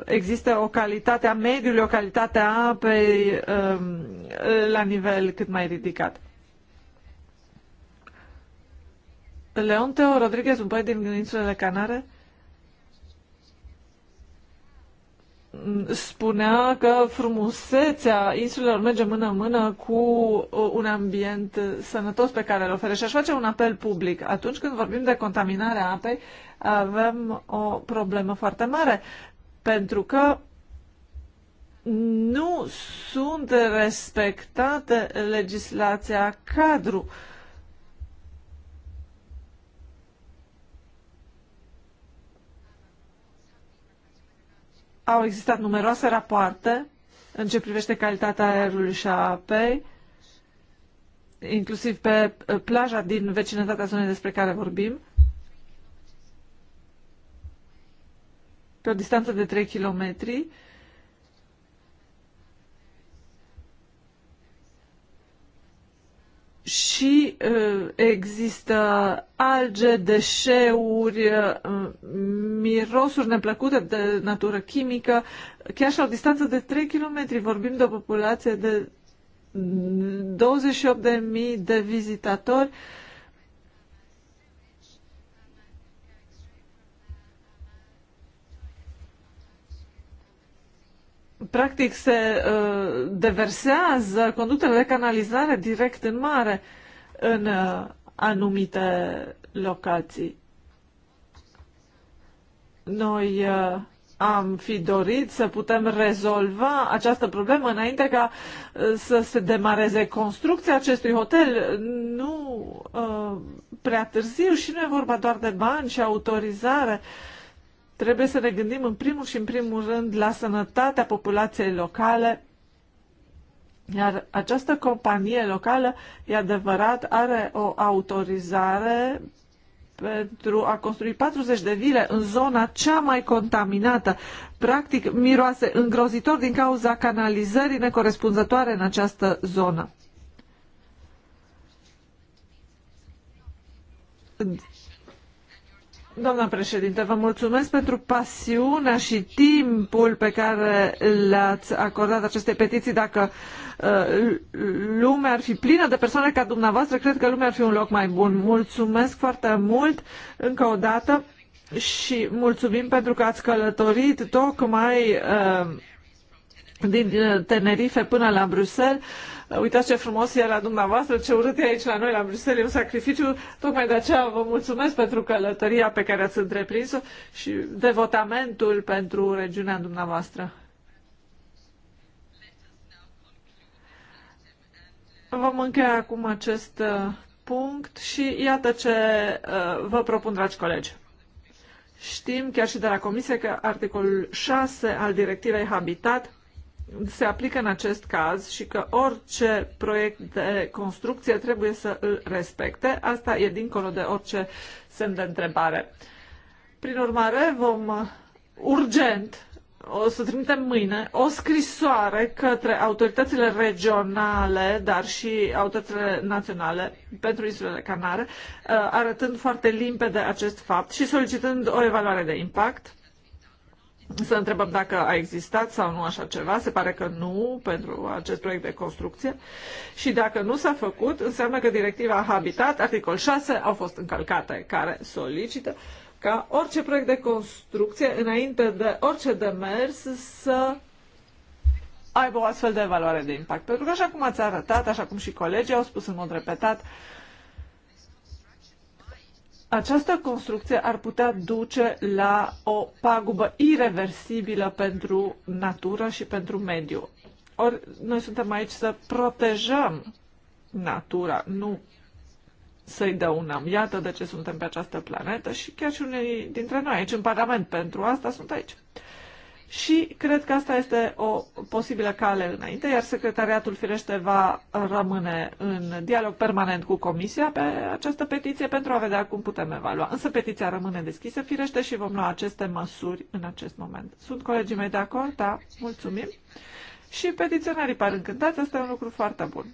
existe o calitate a mediului, o calitate a apei uh, la nivel cât mai ridicat. Leon Teo Rodriguez, un băiat din insulele Canare, spunea că frumusețea insulelor merge mână-mână cu uh, un ambient sănătos pe care îl oferă și aș face un apel public. Atunci când vorbim de contaminarea apei, avem o problemă foarte mare, pentru că nu sunt respectate legislația cadru uh, Au existat numeroase rapoarte în ce privește calitatea aerului și a apei, inclusiv pe plaja din vecinătatea zonei despre care vorbim, pe o distanță de 3 kilometri, și uh, există alge, deșeuri, uh, mirosuri neplăcute de natură chimică, chiar și la o distanță de 3 km. Vorbim de o populație de 28.000 de vizitatori practic se uh, deversează conductele de canalizare direct în mare în uh, anumite locații. Noi uh, am fi dorit să putem rezolva această problemă înainte ca uh, să se demareze construcția acestui hotel, nu uh, prea târziu și nu e vorba doar de bani și autorizare. Uh, Trebuie să ne gândim în primul și în primul rând la sănătatea populației locale, iar această companie locală, e adevărat, are o autorizare pentru a construi 40 de vile în zona cea mai contaminată. Practic, miroase îngrozitor din cauza canalizării necorespunzătoare în această zonă. Doamna președinte, vă mulțumesc pentru pasiunea și timpul pe care le-ați acordat acestei petiții. Dacă uh, lumea ar fi plină de persoane ca dumneavoastră, cred că lumea ar fi un loc mai bun. Mulțumesc foarte mult încă o dată și mulțumim pentru că ați călătorit tocmai uh, din uh, Tenerife până la Bruxelles. Uitați ce frumos e la dumneavoastră, ce urât e aici la noi, la Bruxelles, e un sacrificiu. Tocmai de aceea vă mulțumesc pentru călătoria pe care ați întreprins-o și devotamentul pentru regiunea dumneavoastră. Vom încheia acum acest uh, punct și iată ce uh, vă propun, dragi colegi. Știm chiar și de la Comisie că articolul 6 al directivei Habitat se aplică în acest caz și că orice proiect de construcție trebuie să îl respecte. Asta e dincolo de orice semn de întrebare. Prin urmare, vom uh, urgent, o să trimitem mâine, o scrisoare către autoritățile regionale, dar și autoritățile naționale pentru insulele Canare, uh, arătând foarte limpede acest fapt și solicitând o evaluare de impact să întrebăm dacă a existat sau nu așa ceva. Se pare că nu pentru acest proiect de construcție. Și dacă nu s-a făcut, înseamnă că directiva Habitat, articol 6, au fost încălcate, care solicită ca orice proiect de construcție, înainte de orice demers, să aibă o astfel de evaluare de impact. Pentru că, așa cum ați arătat, așa cum și colegii au spus în mod repetat, uh, această construcție ar putea duce la o pagubă irreversibilă pentru natură și pentru mediu. Ori noi suntem aici să protejăm natura, nu să-i dăunăm. Iată de ce suntem pe această planetă și chiar și unii dintre noi aici în Parlament pentru asta sunt aici și cred că asta este o posibilă cale înainte, iar secretariatul firește va rămâne în dialog permanent cu Comisia pe această petiție pentru a vedea cum putem evalua. Însă petiția rămâne deschisă firește și vom lua aceste măsuri în acest moment. Sunt colegii mei de acord? Da, mulțumim. Și petiționarii par încântați, asta e un lucru foarte bun.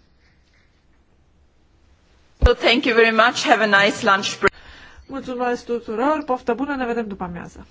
So thank you very much. Have a nice lunch break. Mulțumesc tuturor, poftă bună, ne vedem după amiază.